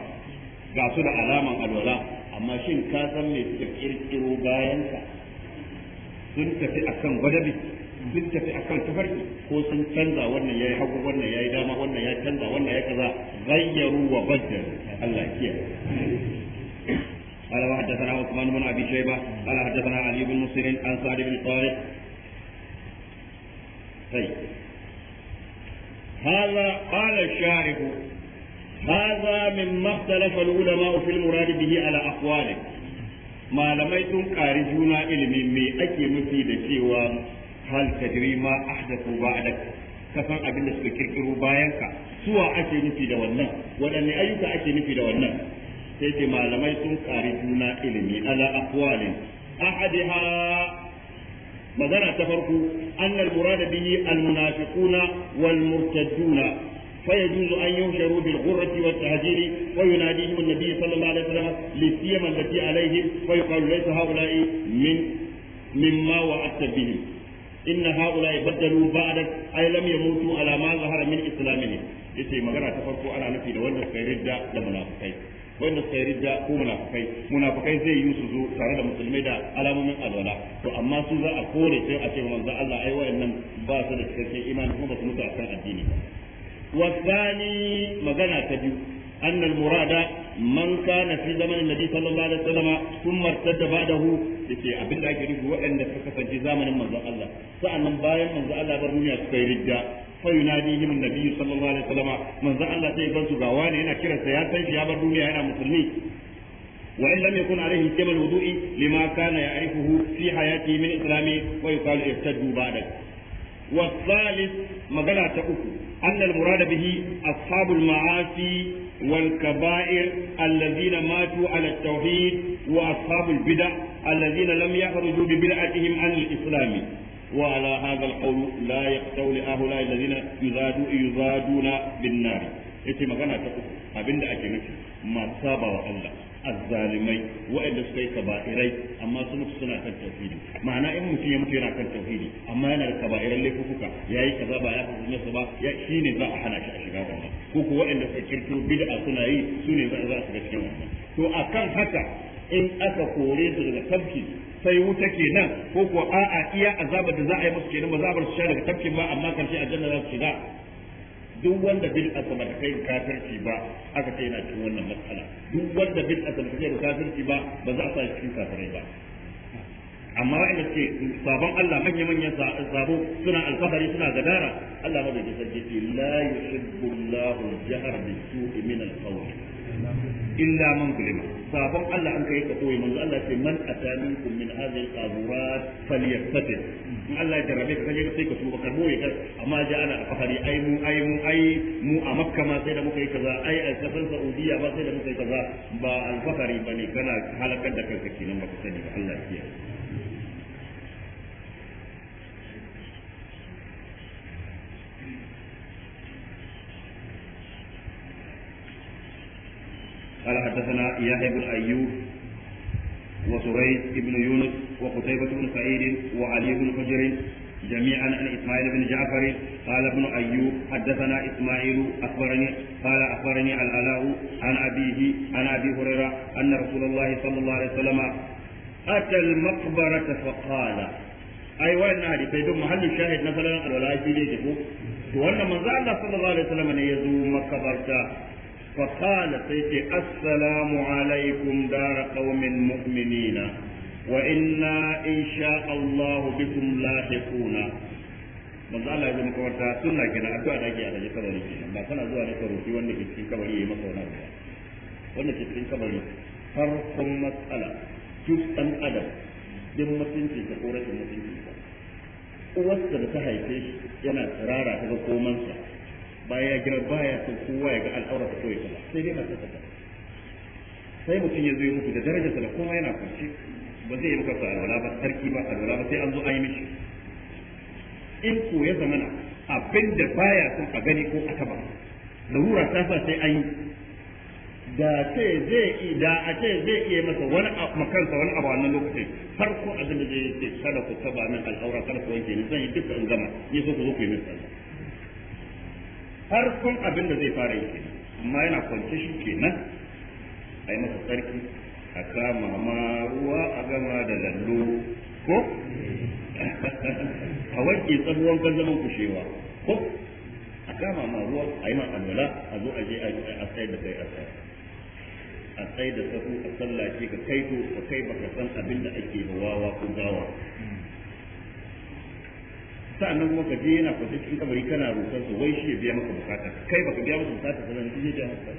ga su da alaman alwala amma shin ka san me suka kirkiro bayan ka sun tafi akan gwadabi sun tafi akan tafarki ko sun canza wannan yayi hagu wannan yayi dama wannan ya canza wannan ya kaza gayyaru wa badda Allah kiyaye قال وحدثنا عثمان بن ابي شيبه قال حدثنا علي بن مسلم عن سعد بن طارق طيب هذا قال الشارح هذا مما اختلف العلماء في المراد به على أقواله ما لم يكن قارجون علمي مي أكي مفيد سوى هل تدري ما أحدثوا بعدك كفن أبن سكركروا باينك سوى أكي مفيد والنم ولأن أيك أكي مفيد والنم sai ce malamai sun kari juna ilimi ala aqwalin ahadaha magana ta farko annal murada bihi al munafiquna wal murtadduna فيجوز أن ينشروا بالغرة والتهجير ويناديهم النبي صلى الله عليه وسلم للسيما التي عليهم ويقال ليس هؤلاء من مما وعدت به إن هؤلاء بدلوا بعدك أي لم يموتوا على ما ظهر من إسلامهم. يتي مغرى تفرقوا على نفي لولا خير الداء لمنافقين. wanda suka yi rija ko munafukai munafukai zai yi su zo tare da musulmai da alamomin alwala to amma su za a kore sai a ce manzo Allah ai wayannan ba su da cikakken imani kuma ba su mutu akan addini Wasani Magana ta biyu أن المراد من كان في زمن النبي صلى الله عليه وسلم ثم ارتد بعده yace abin da ake nufi waɗanda suka kasance zamanin manzon Allah sa'annan bayan manzon Allah bar duniya suka yi fa yunadihim annabi sallallahu alaihi wasallam manzo Allah sai ban su ga wani yana kiransa ya san shi ya bar duniya yana musulmi وإن لم يكن عليه كما الوضوء لما كان يعرفه في حياته من إسلامه ويقال ارتدوا بعدك والثالث مجلة أخرى أن المراد به أصحاب المعاصي والكبائر الذين ماتوا على التوحيد وأصحاب البدع الذين لم يخرجوا ببدعتهم عن الإسلام وعلى هذا القول لا يقتول هؤلاء الذين يزادوا يزادون بالنار yace magana ta uku abinda ake nufi masu saba wa Allah azzalimai waɗanda suka yi kaba'irai amma suna kan tauhidi ma'ana in mutum ya mutu yana kan tauhidi amma yana da kaba'iran laifuka yayi kaza ba ya hukunta su ba ya shine za a hana shi a shiga wannan ko ko waɗanda suka kirkiro bid'a suna yi su ne za a shiga cikin wannan to akan haka in aka kore daga tafki sai wuta ke nan ko ko a'a iya azabar da za a yi musu kenan ba za a su sha daga tafkin ba amma karshe aljanna za su shiga duk wanda bin asama da kai kafirci ba aka ce yana cikin wannan matsala duk wanda bin asama da kai kafirci ba ba za a sa cikin kafirai ba amma wanda ke sabon Allah manya manya sabo suna alfahari suna gadara Allah madaukakin sarki la yuhibbu Allahu jahar bisu'i min al-qawl illa man zulima sabon Allah an kai ka koyi manzo Allah ce man ataminkum min hadhihi al-qaburat in Allah ya jarrabe ka kaje sai ka tuba ka boye ka amma ana afahari mu ai mu ai a makka ma sai da kaza a kasar saudiya ba sai ba alfahari bane kana halakar da kanka kenan baka sani Allah ya قال حدثنا يحيى بن ايوب وسريج بن يونس وقتيبة بن سعيد وعلي بن حجر جميعا عن اسماعيل بن جعفر قال ابن ايوب حدثنا اسماعيل اخبرني قال اخبرني العلاء عن ابيه عن ابي هريره ان رسول الله صلى الله عليه وسلم اتى المقبره فقال ai wannan hadisai don muhallin shahid na salalan alwala shi ne ko to wannan manzo Allah sallallahu alaihi wasallam ne ya zo makabarta فقال سيك السلام عليكم دار قوم مؤمنين وإنا إن شاء الله بكم لاحقون manzo Allah ya zama kamar ta gina a addu'a da ake a rage kabari ba suna zuwa ne karoki wanda ke cikin kabari yi maka wani abu wanda ke cikin kabari farkon matsala duk dan adam din mutunci da mutunci wasu da ta haife shi yana tsirara ta ga baya ya ba ya son kowa ya ga al'aura ta koyi sai dai masu ta sai mutum ya zo muku da darajarsa da kowa yana kwanci ba zai yi muka sa alwala ba sarki ba alwala ba sai an zo an yi mishi in ko ya zamana abin da baya son a gani ko aka ba larura ta sa sai an yi da ce zai da a ce zai iya masa wani makansa wani abu wannan lokacin farko abin da zai yi sai kada ku taba min al'aura kada ku wanke ni zan yi duka in gama ni so ku zo ku yi min sallah farkon abin da zai fara yi amma yana kwance shi kenan ai masa sarki a kama ma ruwa a gama da lallo ko <laughs> a wanke tsabuwan kan zaman kushewa ko a kama ma ruwa a yi ma a zo a je a tsaye da kai a tsaye a tsaye da sahu a sallace ka kai to ka kai baka san abin da ake ba wawa ko gawa sa'annan kuma ka je yana kwance cikin kabari kana roƙar su wai shi ya biya maka bukata kai baka biya maka bukata sanan shi ya maka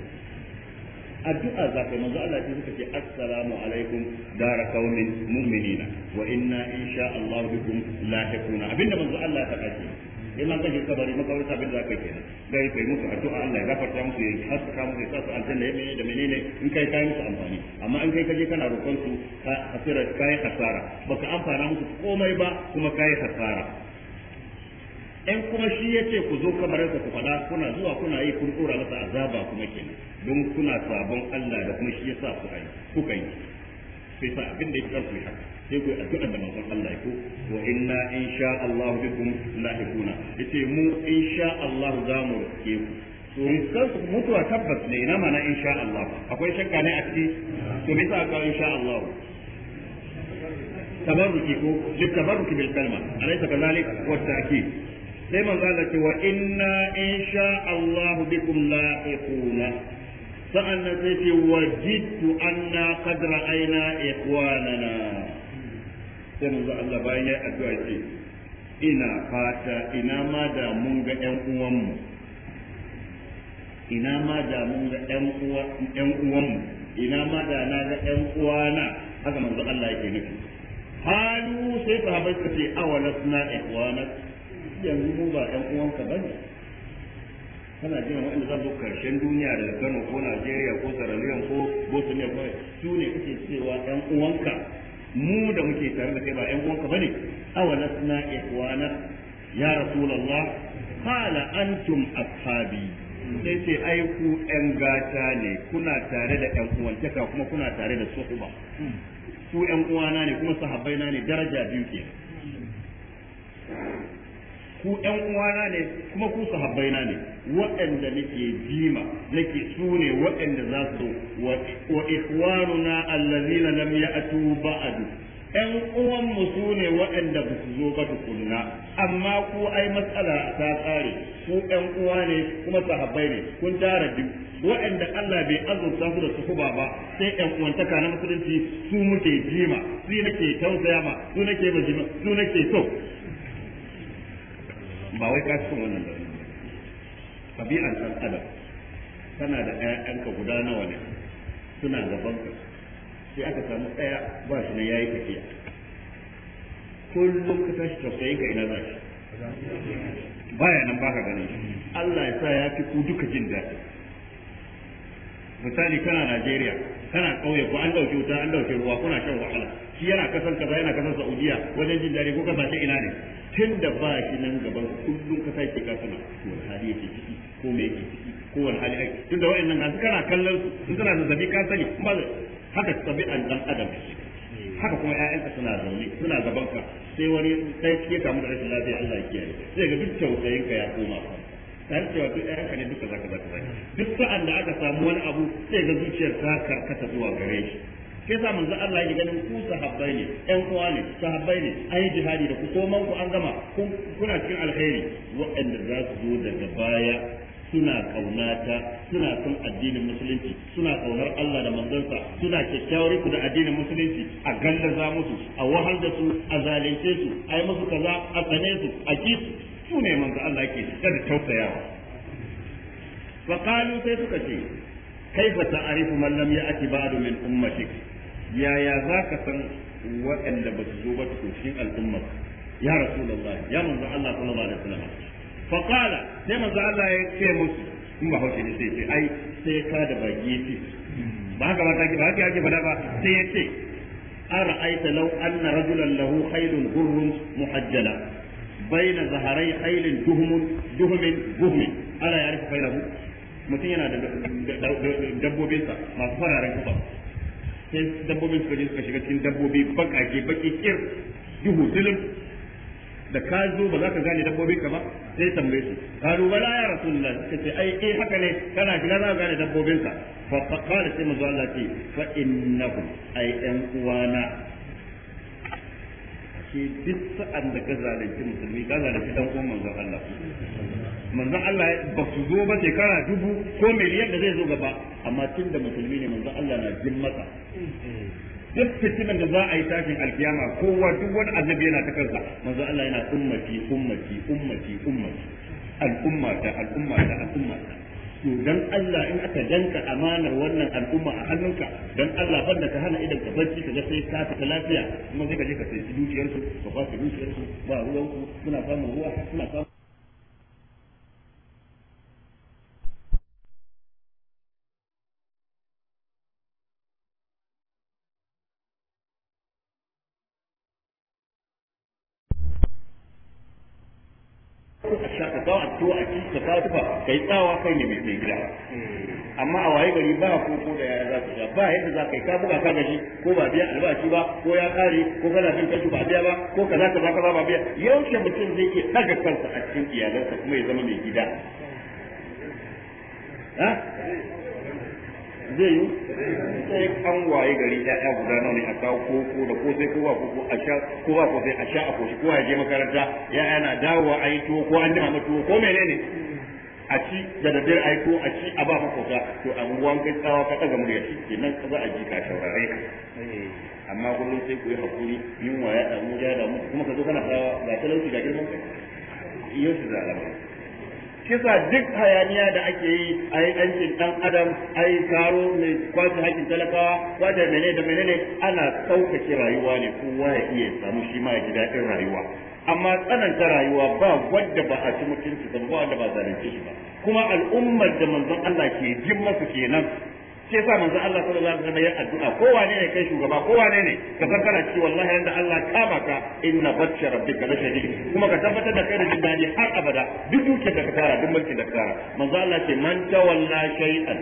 addu'a za ka manzo Allah ya suka ce assalamu alaikum dara qaumin mu'minina wa inna insha Allah bikum lahiquna abinda manzo Allah ya faɗa ke in an kashe kabari makabarta abin da aka kenan dai kai musu addu'a Allah ya gafarta musu ya haskaka musu ya sa su aljanna yayin da menene in kai kai musu amfani amma in kai kaje kana roƙon su ka hasira kai hasara baka amfana musu komai ba kuma kai hasara in kuma shi ya ce ku zo kamar ku faɗa kuna zuwa kuna yi kun ɗora masa azaba kuma kenan don kuna sabon Allah da kuma shi ya sa ku kai kuka yi sai sa abin da ya ku haka sai ku addu'a da manzon Allah ya ku wa inna insha Allah bikum lahikuna yace mu insha Allah za mu rike ku to mutuwa tabbas ne ina mana insha Allah akwai shakka ne a ciki to me yasa ka insha Allah تبرك بالتبرك بالكلمة أليس كذلك والتأكيد sai manzo Allah ce wa inna insha Allah bikum la'iquna sa'annan sai ce wajidtu anna qad ra'ayna ikhwanana sai manzo Allah bayan ya addu'a ce ina fata ina ma da mun ga ƴan uwanmu ina ma da mun ga ƴan uwa ƴan uwanmu ina ma da na ga ƴan uwana haka manzo Allah yake nufi halu sai sahabbai suka ce awalasna ikhwanak yanzu mu ba ɗan uwanka ba ne kana jin waɗanda za su karshen duniya da Kano ko Najeriya ko Sierra ko Bosnia ko su ne kake cewa ɗan uwanka mu da muke tare da kai ba ɗan uwanka ba ne awa suna ihwana ya rasulullah qala antum ashabi sai ce ai ku ɗan gata ne kuna tare da ɗan uwantaka kuma kuna tare da suhuba su ɗan uwana ne kuma na ne daraja biyu ke. ku ɗan uwana ne kuma ku sahabbaina ne waɗanda nake jima nake su ne waɗanda za su zo wa ikhwanuna allazina lam ya'tu ba'du ‘yan uwanmu su ne waɗanda ba su zo ba tukunna, amma ku ai matsala ta tsare, ku ɗan uwa ne kuma sahabbai ne, kun tara duk waɗanda Allah bai azurta su da su ba sai ɗan uwantaka na musulunci su muke jima, su nake tausaya ma, su nake majima, su nake so. ba wai ka cikin wannan da wannan tabi'an ɗan adam tana da ƴaƴanka guda nawa ne suna gaban ka sai aka samu ɗaya ba shi na yayi tafiya kullum ka tashi tausayin ka ina za shi baya nan baka ganin Allah ya sa ya fi ku duka jin daɗi misali kana Najeriya kana ƙauye ko an ɗauke wuta an ɗauke ruwa kuna shan wahala shi yana kasan kaza yana kasan Saudiya wajen jin dare ko kasashe ina ne tun da ba shi nan gaban kullum ka sake ka sana to hali yake ciki ko me yake ciki ko wani hali ai tun da nan ga kana kallon su suna kana zabi ka sani kuma haka tabi'an dan adam haka kuma ƴaƴanka suna zaune suna gaban ka sai wani sai ke kamu da rashin lafiya Allah ya kiyaye sai ga duk tausayin ka ya koma ta tare cewa duk ka ne duka zaka zaka duk sa'an da aka samu wani abu sai ga zuciyar ta karkata zuwa gare shi ke sa manzo Allah ya ganin ku sahabbai ne ɗan uwa ne sahabbai ne an jihadi da ku ko man ku an gama kuna cikin alkhairi waɗanda za su zo daga baya suna kaunata suna son addinin musulunci suna kaunar Allah da manzonsa suna kyakkyawar ku da addinin musulunci a gallaza musu a wahal da su a zalunce su a yi musu kaza a tsane su a ki su ne manzo Allah ke da tausayawa fa qalu sai suka ce kaifa ta'rifu man lam ya'ti ba'du min ummatik yaya za ka san waɗanda ba su zo ba cikin al'umma ya Allah ya manzo Allah sallallahu alaihi wasallam fa qala sai manzo Allah ya ce musu in ba hauke ne sai ce ai sai ka da baki yace ba haka ba ta ba haka yake fada ba sai ya ce ara'aita law anna rajulan lahu khaylun hurrun muhajjala baina zaharai khaylin duhumun duhumin buhumin ala ya ya'rifu khaylahu mutum yana da dabbobinsa masu fararen kufa sai dabbobin suka je suka shiga cikin dabbobi bakage baki kir duhu dilim da ka zo ba za ka gane dabbobi ka ba sai tambaye su karu la ya rasulullah sai ce ai eh haka ne kana gina za ka gane dabbobin ka fa fa qala sai manzo Allah ce fa innahu ai an uwana ki duk an da ka zalunci musulmi ka zalunci dan uwan manzo Allah manzon Allah ba su zo ba shekara dubu ko miliyan da zai zo gaba amma tun da musulmi ne manzon Allah na jin masa duk fitinan da za a yi tashin alkiyama kowa duk wani azabi yana ta kansa manzon Allah yana ummati ummati ummati ummati al'umma ta al'umma ta al'umma ta to dan Allah in aka danka amanar wannan al'umma a hannunka dan Allah banda ka hana idan ka barci ka ga sai ka fita lafiya kuma sai ka je ka sai dukiyarsu ka ba su dukiyarsu ba ruwanku suna samun ruwa suna samun a a ka tufa tsawa kai ne mai gida amma a waye gari ba ko da yaya za su sha ba yadda za ka yi ka buga ka gaji ko ba biya albashi ba ko ya kare ko kana jin ba biya ba ko ba biya yaushe mutum zai iya daga kansa a cikin iyalansa kuma ya zama mai gida zai yi sai an waye gari ya guda nawa ne a kawo koko da ko sai kowa koko a sha kowa ko sai a sha a koshi kowa ya je makaranta ya yana dawowa a yi tuwo ko an dama tuwo ko menene a ci da daddare a yi tuwo a ci a ba makota to a ruwan kai tsawa ka ɗaga murya shi ka za a ji ka shaurare ka amma kullum sai ku yi hakuri yunwa ya mu ya damu kuma ka zo kana tsawa ga talauci ga girman kai yau shi za a kisa duk hayaniya da ake yi a yi ɗancin ɗan adam a yi karo mai kwace hakin talakawa kwace mene da ne ana sauƙaƙe rayuwa ne kowa ya iya samu shi ma ya ji daɗin rayuwa amma tsananta rayuwa ba wadda ba a ci mutunci ba wadda ba zalunci shi ba kuma al'ummar da manzon Allah ke jin masu kenan shi yasa manzon Allah sallallahu alaihi wasallam ya addu'a ko wane ne kai shugaba ko wane ne ka san kana ci wallahi yanda Allah kama ka inna bacci rabbika la shadid kuma ka tabbatar da kai da jindadi har abada duk duke da kasara duk mulki da kasara manzon Allah ce man tawalla shay'an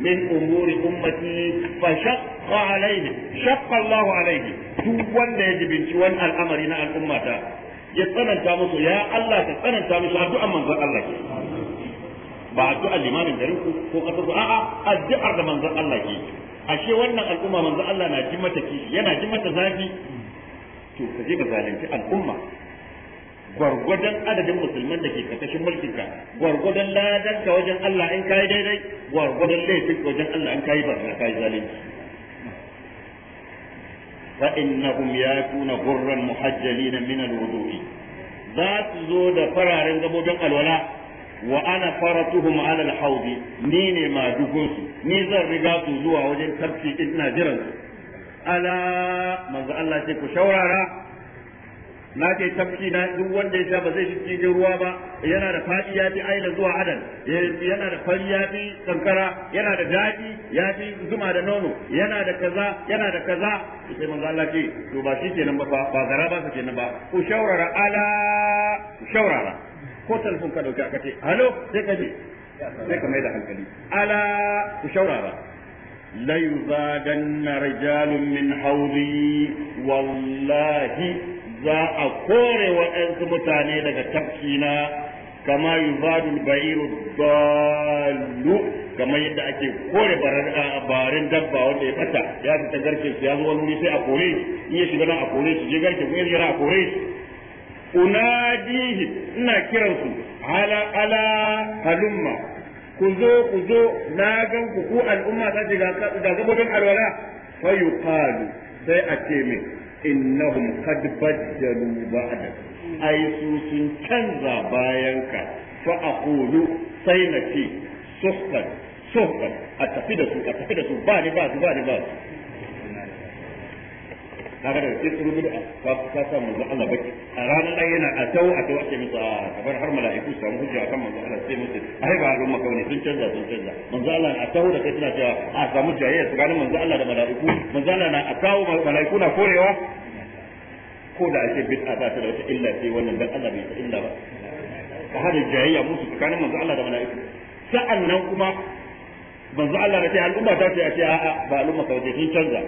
min umuri ummati fa shaqqa alayhi shaqqa Allahu alayhi duk wanda ya jibinci wani al'amari na al'ummata ya tsananta musu ya Allah ka tsananta musu addu'an manzon Allah ke ba addu'ar limamin garin ku ko kasar ku a'a addu'ar da manzon Allah ke ashe wannan al'umma manzon Allah na ji mata kishi yana ji mata zafi to ka je ka zalunci al'umma gwargwadon adadin musulman da ke karkashin ka gwargwadon ladanka wajen Allah in kai daidai gwargwadon laifin wajen Allah in kai barna kai zalunci fa innahum yakuna ghurran muhajjalin min al-wudu'i za su zo da fararen gabobin alwala wa ana faratuhum ala alhawdi ni ne ma dugunsu ni zan riga su zuwa wajen tafki ina jiran su ala manzo Allah ce ku shawara! na ce tafki na duk wanda ya sha ba zai shi cikin ruwa ba yana da fadi ya fi aila zuwa adal yana da fari ya fi kankara yana da daɗi ya fi zuma da nono yana da kaza yana da kaza sai manzo Allah ce to ba shi kenan ba ba gara ba kenan ba ku shawara, ala ku shawara. ko telefon ka dauka ka ce halo sai ka je sai ka mai da hankali ala ku shaurara la yuzadanna rijalun min wallahi za a kore wa'ansu mutane daga tafkina kama yuzadul ba'iru dalu kamar yadda ake kore barin dabba wanda ya fata ya fita garke ya zo wani sai a kore in ya shiga nan a kore shi je garke ya shiga a kore shi unadihi ina kiransu ala ala halumma ku zo ku zo na gan ku ku al'umma ta ce ga gabobin alwala fa yuqalu sai a ce min innahum qad bajjalu ba'da ai su sun canza bayan ka fa aqulu sai na ce suhkan suhkan a tafi da su a tafi da su ba ni ba su ba ni ba su kaga da sai sun bid'a ka ka sa manzo Allah baki a ranar ɗaya yana a tau a tau ake musu kamar har mala'iku su samu hujja kan manzo Allah sai musu ai ba al'umma kawai sun canza sun canza manzo Allah a tau da kai suna cewa a samu jayayya tsakanin manzo Allah da mala'iku manzo Allah na a kawo mala'iku na korewa ko da ake bid'a ba ta da wata illa sai wannan dan Allah bai ta illa ba ka hada jayayya musu tsakanin manzo Allah da mala'iku sa'an nan kuma manzo Allah da ta al'umma ta ce a ce a'a ba al'umma kawai sun canza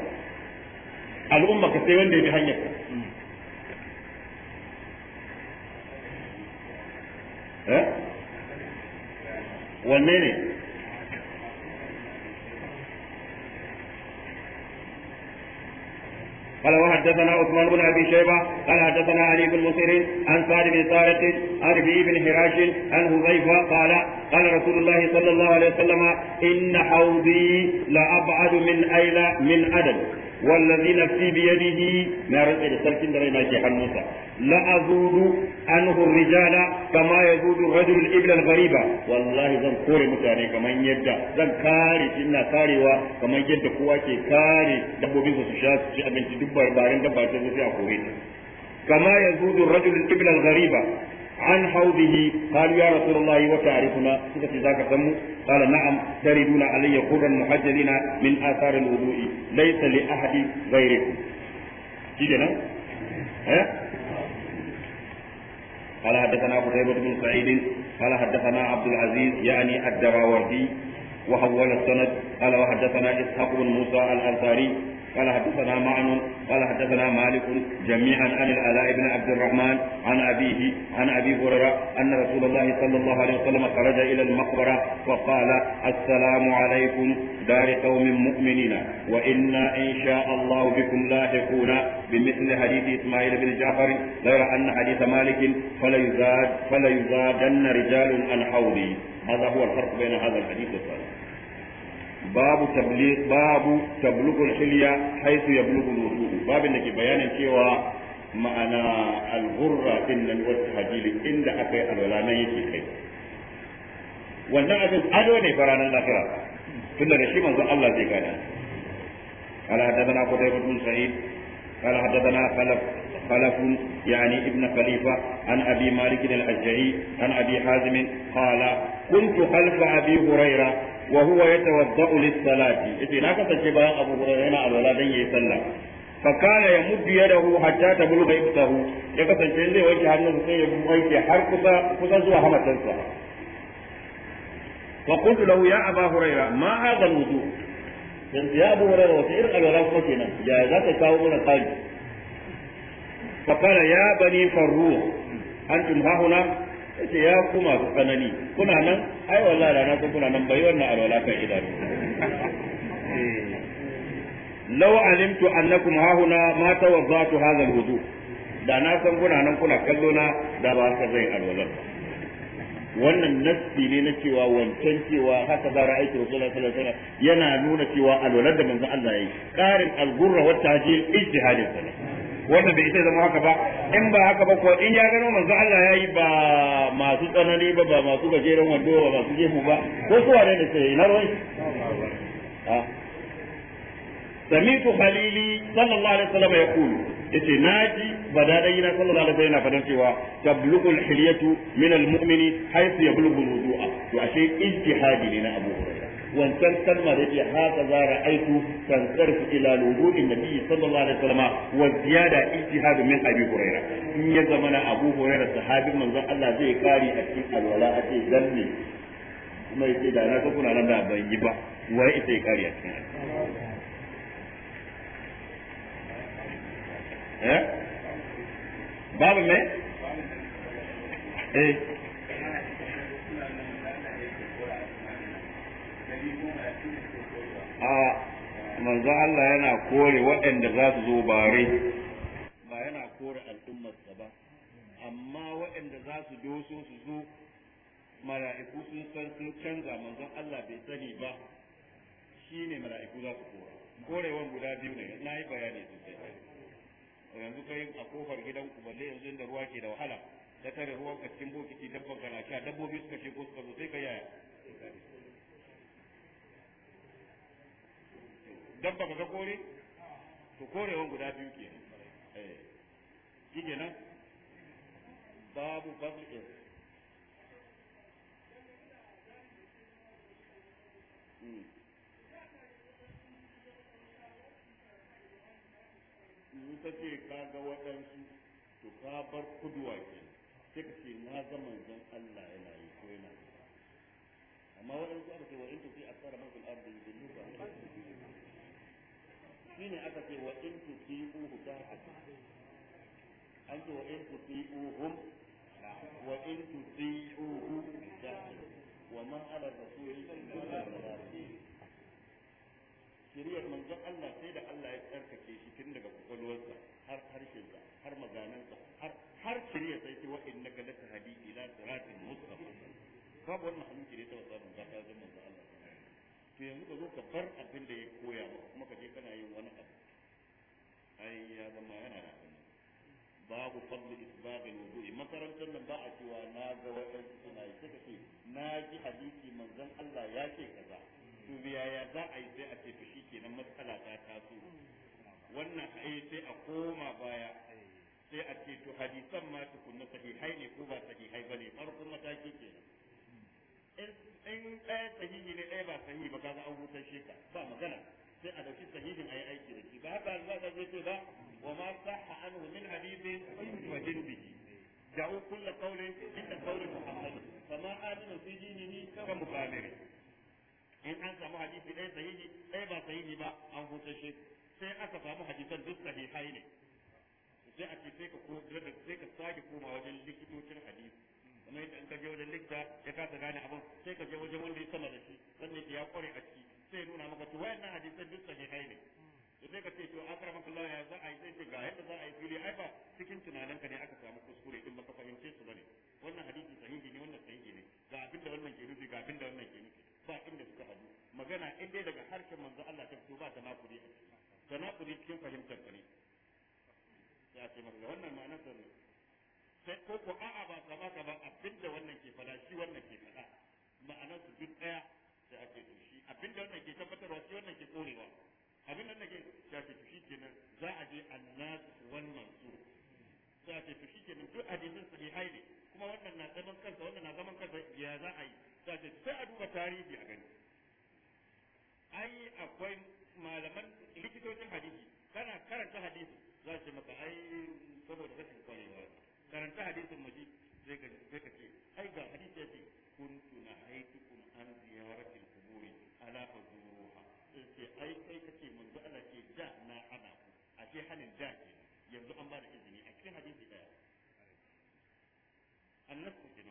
al'umma ka sai wanda ya bi hanyar wanne ne قال وحدثنا عثمان بن ابي شيبه قال حدثنا علي بن مصير عن سعد بن سارة عن ربيع بن هراش عن هذيفه قال قال رسول الله صلى الله عليه وسلم ان حوضي لابعد من ايلة من عدن wallazi nafsi biyadihi na rantsa da sarkin da raina ke hannunsa la an hurri jana kama yazudu rajul ibn al ghariba wallahi zan kore mutane kaman yadda zan kare ina karewa kaman yadda kowa ke kare dabbobin su sha su ci abinci duk barbarin dabba ta sai a kore kama yazudu rajul ibn al ghariba عن حوضه قالوا يا رسول الله وتعرفنا كيف ذاك سمو قال نعم تردون علي قرا محجلين من آثار الوضوء ليس لأحد غيركم كده ها قال حدثنا قتيبة بن سعيد قال حدثنا عبد العزيز يعني الدراوردي وحول السند قال وحدثنا إسحاق بن موسى الأنصاري قال حدثنا معن قال حدثنا مالك جميعا عن العلاء بن عبد الرحمن عن أبيه عن أبي هريرة أن رسول الله صلى الله عليه وسلم خرج إلى المقبرة وقال السلام عليكم دار قوم مؤمنين وإنا إن شاء الله بكم لاحقون بمثل حديث إسماعيل بن جعفر غير أن حديث مالك فليزاد فليزادن رجال عن هذا هو الفرق بين هذا الحديث والثاني babu tabli babu tablughul hilya haythu yablughu wudu babin da ke bayanin cewa ma'ana al din nan wa tahjil inda akai alwala nan yake kai wannan abin ado ne faranan lakira tunda da shi manzon Allah zai gane قال حدثنا قتيبة بن سعيد قال حدثنا خلف خلف يعني ابن خليفة عن أبي مالك الأشجعي عن أبي حازم قال كنت خلف أبي هريرة wa huwa yatawadda'u lis-salati yace na kasance bayan Abu Hurairah yana alwala dan yayi sallah fa kana yamuddu yadahu hatta tablugha ibtahu ya kasance zai wanke hannun sai ya wanke har kusa kusa zuwa hamatansa fa qultu lahu ya Abu Hurairah ma hadha al-wudu yanzu ya Abu Hurairah wata irin alwala kuma kenan ya za ka kawo mana tsari fa kana ya bani farruh antum hahuna yace ya kuma ku tsanani kuna nan ai wallahi da na san kuna nan bai wannan alwala kan idanu eh. law alimtu annakum hahuna ma tawazzatu hadha alwudu da na san kuna nan kuna kallo na da ba ka zai alwala wannan nassi ne na cewa wancan cewa haka da ra'ayi rasulullahi sallallahu alaihi wasallam yana nuna cewa alwalar da manzo Allah yayi qarin al wa tajil ijtihadin sallallahu wannan bai ita zama haka ba in ba haka ba ko in ya gano manzo Allah yayi ba masu tsanani ba ba masu gajeren wando ba masu jefu ba ko su wane ne sai na ruwan samitu khalili sallallahu alaihi wasallam ya kulu yace naji badadai na sallallahu alaihi wasallam yana fadan cewa tablughul hilyatu min almu'mini haythu yablughu al-wudu'a to ashe ijtihadi ne na abu hurairah wancan kalma da ke haka za a ra'aitu kan karfi ila lububin nabi sallallahu alaihi wasallam wa ziyada ijtihad min abi hurairah in ya zama na abu hurairah sahabin manzon Allah zai kari a cikin alwala a cikin zanni kuma yace da na ga kuna nan da ban yi ba wai ita ya kari a cikin eh babu ne eh a manzo Allah yana kore waɗanda za su zo bare ba yana kore al'ummarsa ba amma waɗanda za su doso su zo mala'iku sun san sun canza manzo Allah bai sani ba shi ne mala'iku za su kora korewan guda biyu ne na yi bayani sosai yanzu kai a kofar gidan ku balle yanzu inda ruwa ke da wahala da tare ruwan kacin cikin bokiti dabban kana sha dabbobi suka ce ko suka zo sai ka yaya dabba ba ga kore to korewan guda biyu ke eh. shi ke nan babu babu hmm. in ta ce ka ga waɗansu to ka bar kuduwa ke sai ka ce na ga manzon Allah yana yi ko yana amma waɗansu aka ce wa in ce a tsara mafi da shine aka ce wa in tuti'uhu tahtadu an ce wa in tuti'uhum wa in tuti'uhu tahtadu wa man ala rasuli illa shiriyar manzon Allah sai da Allah ya tsarkake shi tun daga kwakwalwarsa har harshensa har maganarsa har har shiriyar sai ce wa innaka latahdi ila siratin mustaqim babu wannan hadisi ne ta wasan manzon Allah to yanzu ka zo ka bar abin da ya koya ba kuma ka je kana yin wani abu ai ya zama yana da hannu babu fadli isbabin wudu makarantar nan ba a cewa na ga waɗansu suna yi suka ce na ji hadisi manzon Allah ya ce kaza to ya za a yi sai a ce to kenan matsala ta taso wannan ai sai a koma baya sai a ce to hadisan ma tukunna sahihai ne ko ba sahihai bane farkon mataki kenan in ɗaya sahihi ne ɗaya ba sahihi ba kaga an hutar shi ka ba magana sai a dauki sahihin ayi aiki da shi ba haka za ka zai ce ba wa ma sahha anhu min hadithin wa jindihi da'u kullu qawlin inda qawli muhammad ma adinu fi dinihi ka mukabiri in an samu hadisi ɗaya sahihi ɗaya ba sahihi ba an hutar shi sai aka samu hadisan duk sahihai ne sai a ce sai ka sai ka sake koma wajen likitocin hadisi kamar yadda in ka je wajen likita ya kasa gane abin sai ka je wajen wanda ya sama da shi wanda ya kware a ciki sai nuna maka to wayannan hadisan duk sahihai ne to sai ka ce to akara maka Allah ya za a yi sai ce ga yadda za a yi fili ai ba cikin ka ne aka samu kuskure in baka fahimce su bane wannan hadisi sahihi ne wannan sahihi ne ga abin da wannan ke nufi ga abin da wannan ke nufi ba inda suka hadu magana in dai daga harshen manzo Allah ta fito ba ta nakuri a ciki ta nakuri cikin fahimtar ka ne ya ce maka wannan ma'anar ne ko ko a'a ba kamata ba abinda wannan ke fada shi wannan ke fada ma'anar su duk daya da ake tushi abinda wannan ke tabbatarwa shi wannan ke korewa abinda wannan ke shafi to shi kenan za a je annas wannan su za a ce tushi kenan duk hadisin su ne kuma wannan na zaman kansa wannan na zaman kansa ya za a yi sai a duba tarihi a gani ai akwai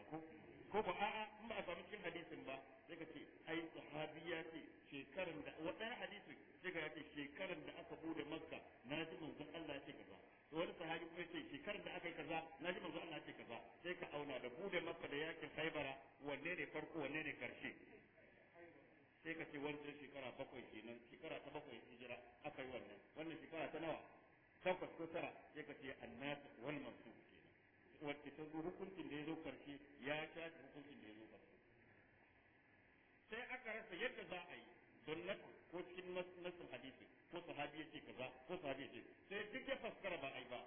ko ko ba a'a in ba a samu cikin hadisin ba sai ka ce ai sahabi ya ce shekaran da wadan hadisi sai ka ce shekaran da aka bude makka na ji manzon Allah ya ce kaza to wani sahabi kuma ya ce shekaran da aka yi kaza na ji manzon Allah ya ce kaza sai ka auna da bude makka da yakin haibara wanne ne farko wanne ne karshe sai ka ce wancan shekara bakwai kenan shekara ta bakwai hijira aka yi wannan wannan shekara ta nawa takwas ko tara sai ka ce annas wal mansur wacce ta zo hukuncin da ya zo karshe ya da hukuncin da ya zo karshe sai aka rasa yadda za a yi don na ko cikin nasin hadisi ko sahabi ka kaza ko sahabi yace sai duk ya fassara ba yi ba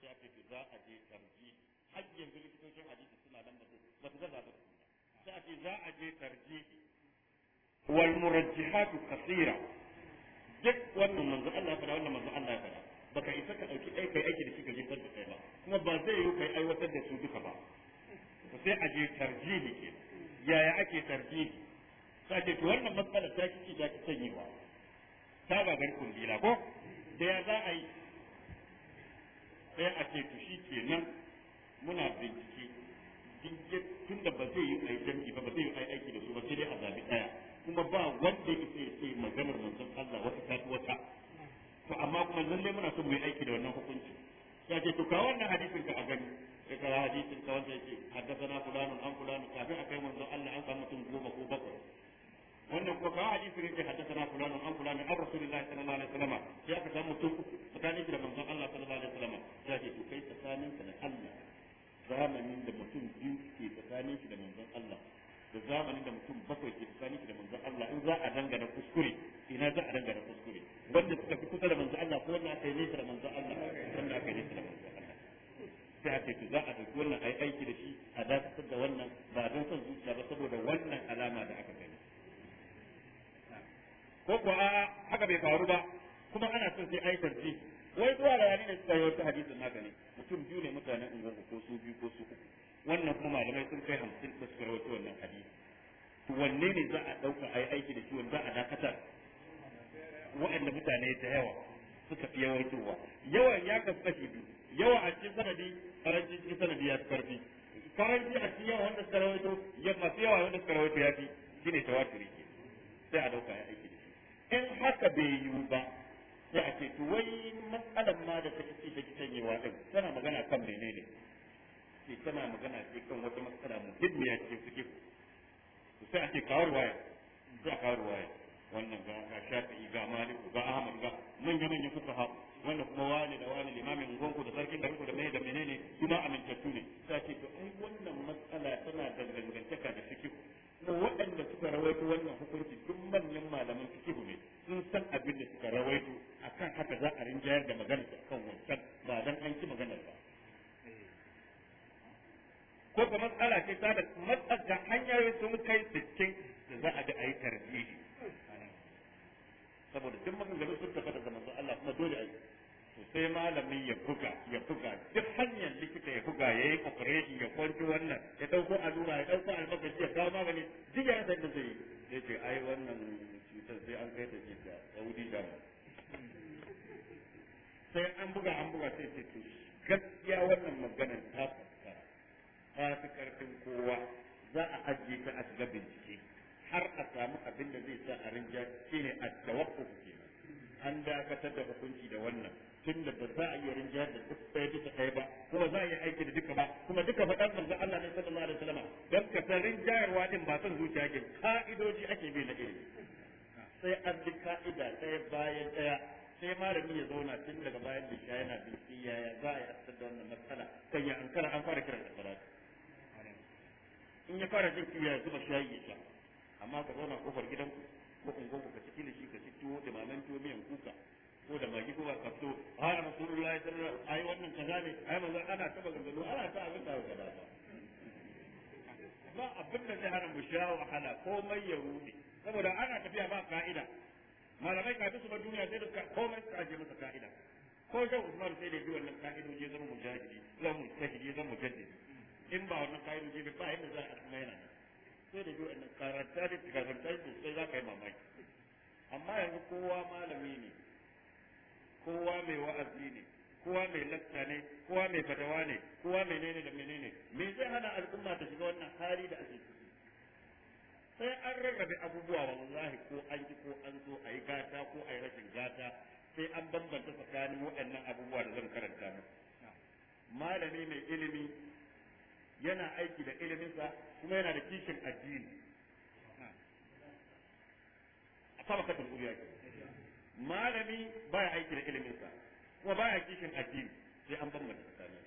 sai aka ce za a je tarji har yanzu likitocin hadisi suna nan ba su gaza ba sai a ce za a je tarji wal murajjihatu kasira duk wannan manzo Allah ya faɗa wannan manzo Allah ya faɗa baka isa ka dauki kai kai aiki da shi ka jefar da kai ba kuma ba zai yiwu kai aiwatar da su duka ba sai a je tarjihi ke yaya ake tarjihi sake to wannan matsalar ta kici da ki ba ta ba garkun kundila ko da ya za a yi sai a ce to shi kenan muna bincike tun da ba zai yi ai jami'i ba ba zai yi ai aiki da su ba sai dai a zabi ɗaya kuma ba wanda ya magana mun san Allah wata ta wata to amma kuma lalle muna son mu yi aiki da wannan hukunci ya ce to ka wannan hadisin ka a gani sai ka hadisin ka wanda ce haddasa fulanun an fulanu kafin a kai manzon Allah an samu mutum goma ko bakwai wannan kuma ka hadisin ce haddasa fulanun an fulanu an rasulullahi sallallahu alaihi wasallam sai aka samu mutum tsakanin da manzon Allah sallallahu alaihi wasallam ya ce to kai tsakanin ka da Allah zamanin da mutum biyu ke tsakanin shi da manzon Allah da zamanin da mutum bakwai ke tsakanin shi da manzon Allah in za a dangana kuskure ina za a dangana kuskure kuma matsala ce ta da matsaka hanyoyi sun kai ta karfin kowa za a ajiye ta a shiga bincike har a samu abin da zai sa a rinja a at ke nan, an dakatar da hukunci da wannan da ba za a yi rinja da duk ɗaya bisa ɗaya ba kuma za a yi aiki da duka ba kuma duka faɗan manzo Allah ne sallallahu alaihi wasallam dan ka san rinjayarwa din ba son zuciya ke ka'idoji ake bi na iri sai an bi ka'ida ɗaya bayan ɗaya sai malami ya zauna tun daga bayan da yana bincike yaya za a yi asar da wannan matsala kan ya ankara an fara kiran da salatu in ya fara jin kiwa ya zuba shayi ya sha amma ka zauna kofar gidan ku ko ungon ku ka ci shi ka ci tuwo da mamman tuwo miyan kuka ko da magi ko ba ka fito ha a rasulullah ya tarar ai wannan kaza ne ai manzo ana ta bagangano ana ta abin da ka dafa ba abin da zai hana mu sha wahala komai ya rude saboda ana tafiya ba ka'ida malamai kafin su ba duniya sai da komai ka je masa ka'ida ko shan usman sai da bi wannan ka'idoji zama mujahidi zama mujtahidi zama mujaddidi in ba wannan ka'idoji ba yadda za a kuma sai da zuwa annan karanta da karanta da sai za ka yi mamaki amma yanzu kowa malami ne kowa mai wa'azi ne kowa mai lakta ne kowa mai fatawa ne kowa menene da menene me zai hana al'umma ta shiga wannan hali da ake ciki sai an rarrabe abubuwa wallahi ko an ji ko an zo a yi gata ko a yi rashin gata sai an bambanta tsakanin waɗannan abubuwa da zan karanta mu malami mai ilimi yana aiki da iliminsa kuma yana da kishin addini a tabakatul uriya ke malami baya aiki da iliminsa kuma baya kishin addini sai an bambanta tsakanin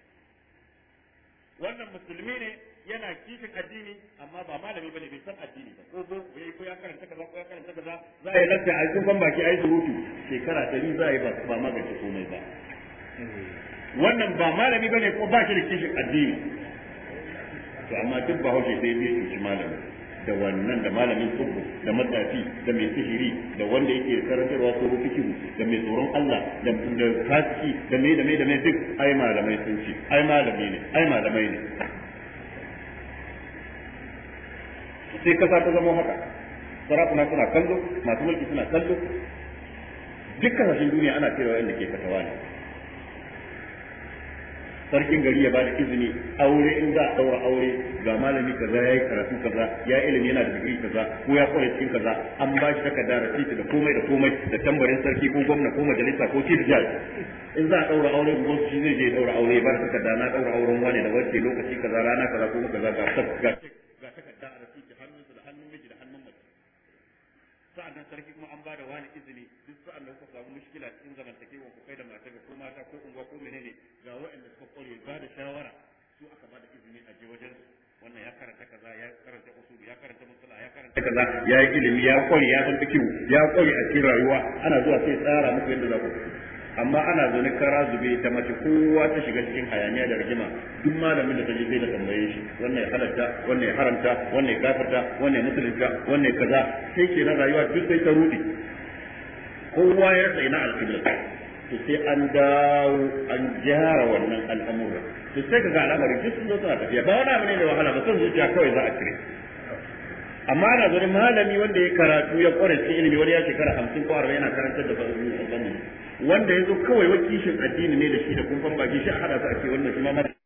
wannan musulmi ne yana kishin addini amma ba malami bane bai san addini ba ko ko yayi ko ya karanta kaza ko ya karanta kaza za yi lafiya a cikin baki yi surutu shekara ɗari za a yi ba magance komai ba wannan ba malami bane ko ba shi da kishin addini to amma duk bahaushe sai bai tsoci malami da wannan da malamin tsubbu da matsafi da mai sihiri da wanda yake karantarwa ko fikihu da mai tsoron Allah da da fasiki da mai da mai da mai duk ai malamai sun ci ai malami ne ai malamai ne sai kasa ta zama haka sarakuna suna kallo masu mulki suna kallo dukkan hashin duniya ana cewa yadda ke fatawa ne sarkin gari ya ba da izini aure in za a daura aure ga malami kaza ya yi karatu kaza ya ilimi yana da digiri kaza ko ya kware cikin kaza an ba shi takarda titi da komai da komai da tambarin sarki ko gwamna ko majalisa ko chief judge in za a daura aure ko shi zai je daura aure ya ba da takarda na daura auren wani da wacce lokaci kaza rana kaza ko kaza ga annan sarki kuma an ba da wani izini duk su da kuka samu mushkila cikin zamantakewa ku kai da mata ko mata ko unguwa ko menene ga waɗanda suka kware ba da shawara su aka ba da izini a je wajen wannan ya karanta kaza ya karanta usul ya karanta musala ya karanta kaza ya yi ilimi ya kware ya san ya kware a cikin rayuwa ana zuwa sai tsara muku yadda za ku amma ana zaune kara zube ta mace kowa ta shiga cikin hayaniya da rigima duk malamin da ta zai da tambaye shi wannan ya halatta wannan ya haramta wannan ya kafarta wannan ya musulunta wannan ya kaza sai ke na rayuwa duk sai ta rudi kowa ya rasa ina alƙibla to sai an dawo an gyara wannan al'amura to sai kaga al'amari duk sun zo suna tafiya ba wani abu ne da wahala ba son zuciya kawai za a cire amma ana zaune malami wanda ya karatu ya kware cikin ilimi wani ya shekara hamsin ko arba'in yana karantar da fannin wanda ya zo kawai wakishin addini ne da shi da kumfan baki shi a hada su a ce wannan shi ma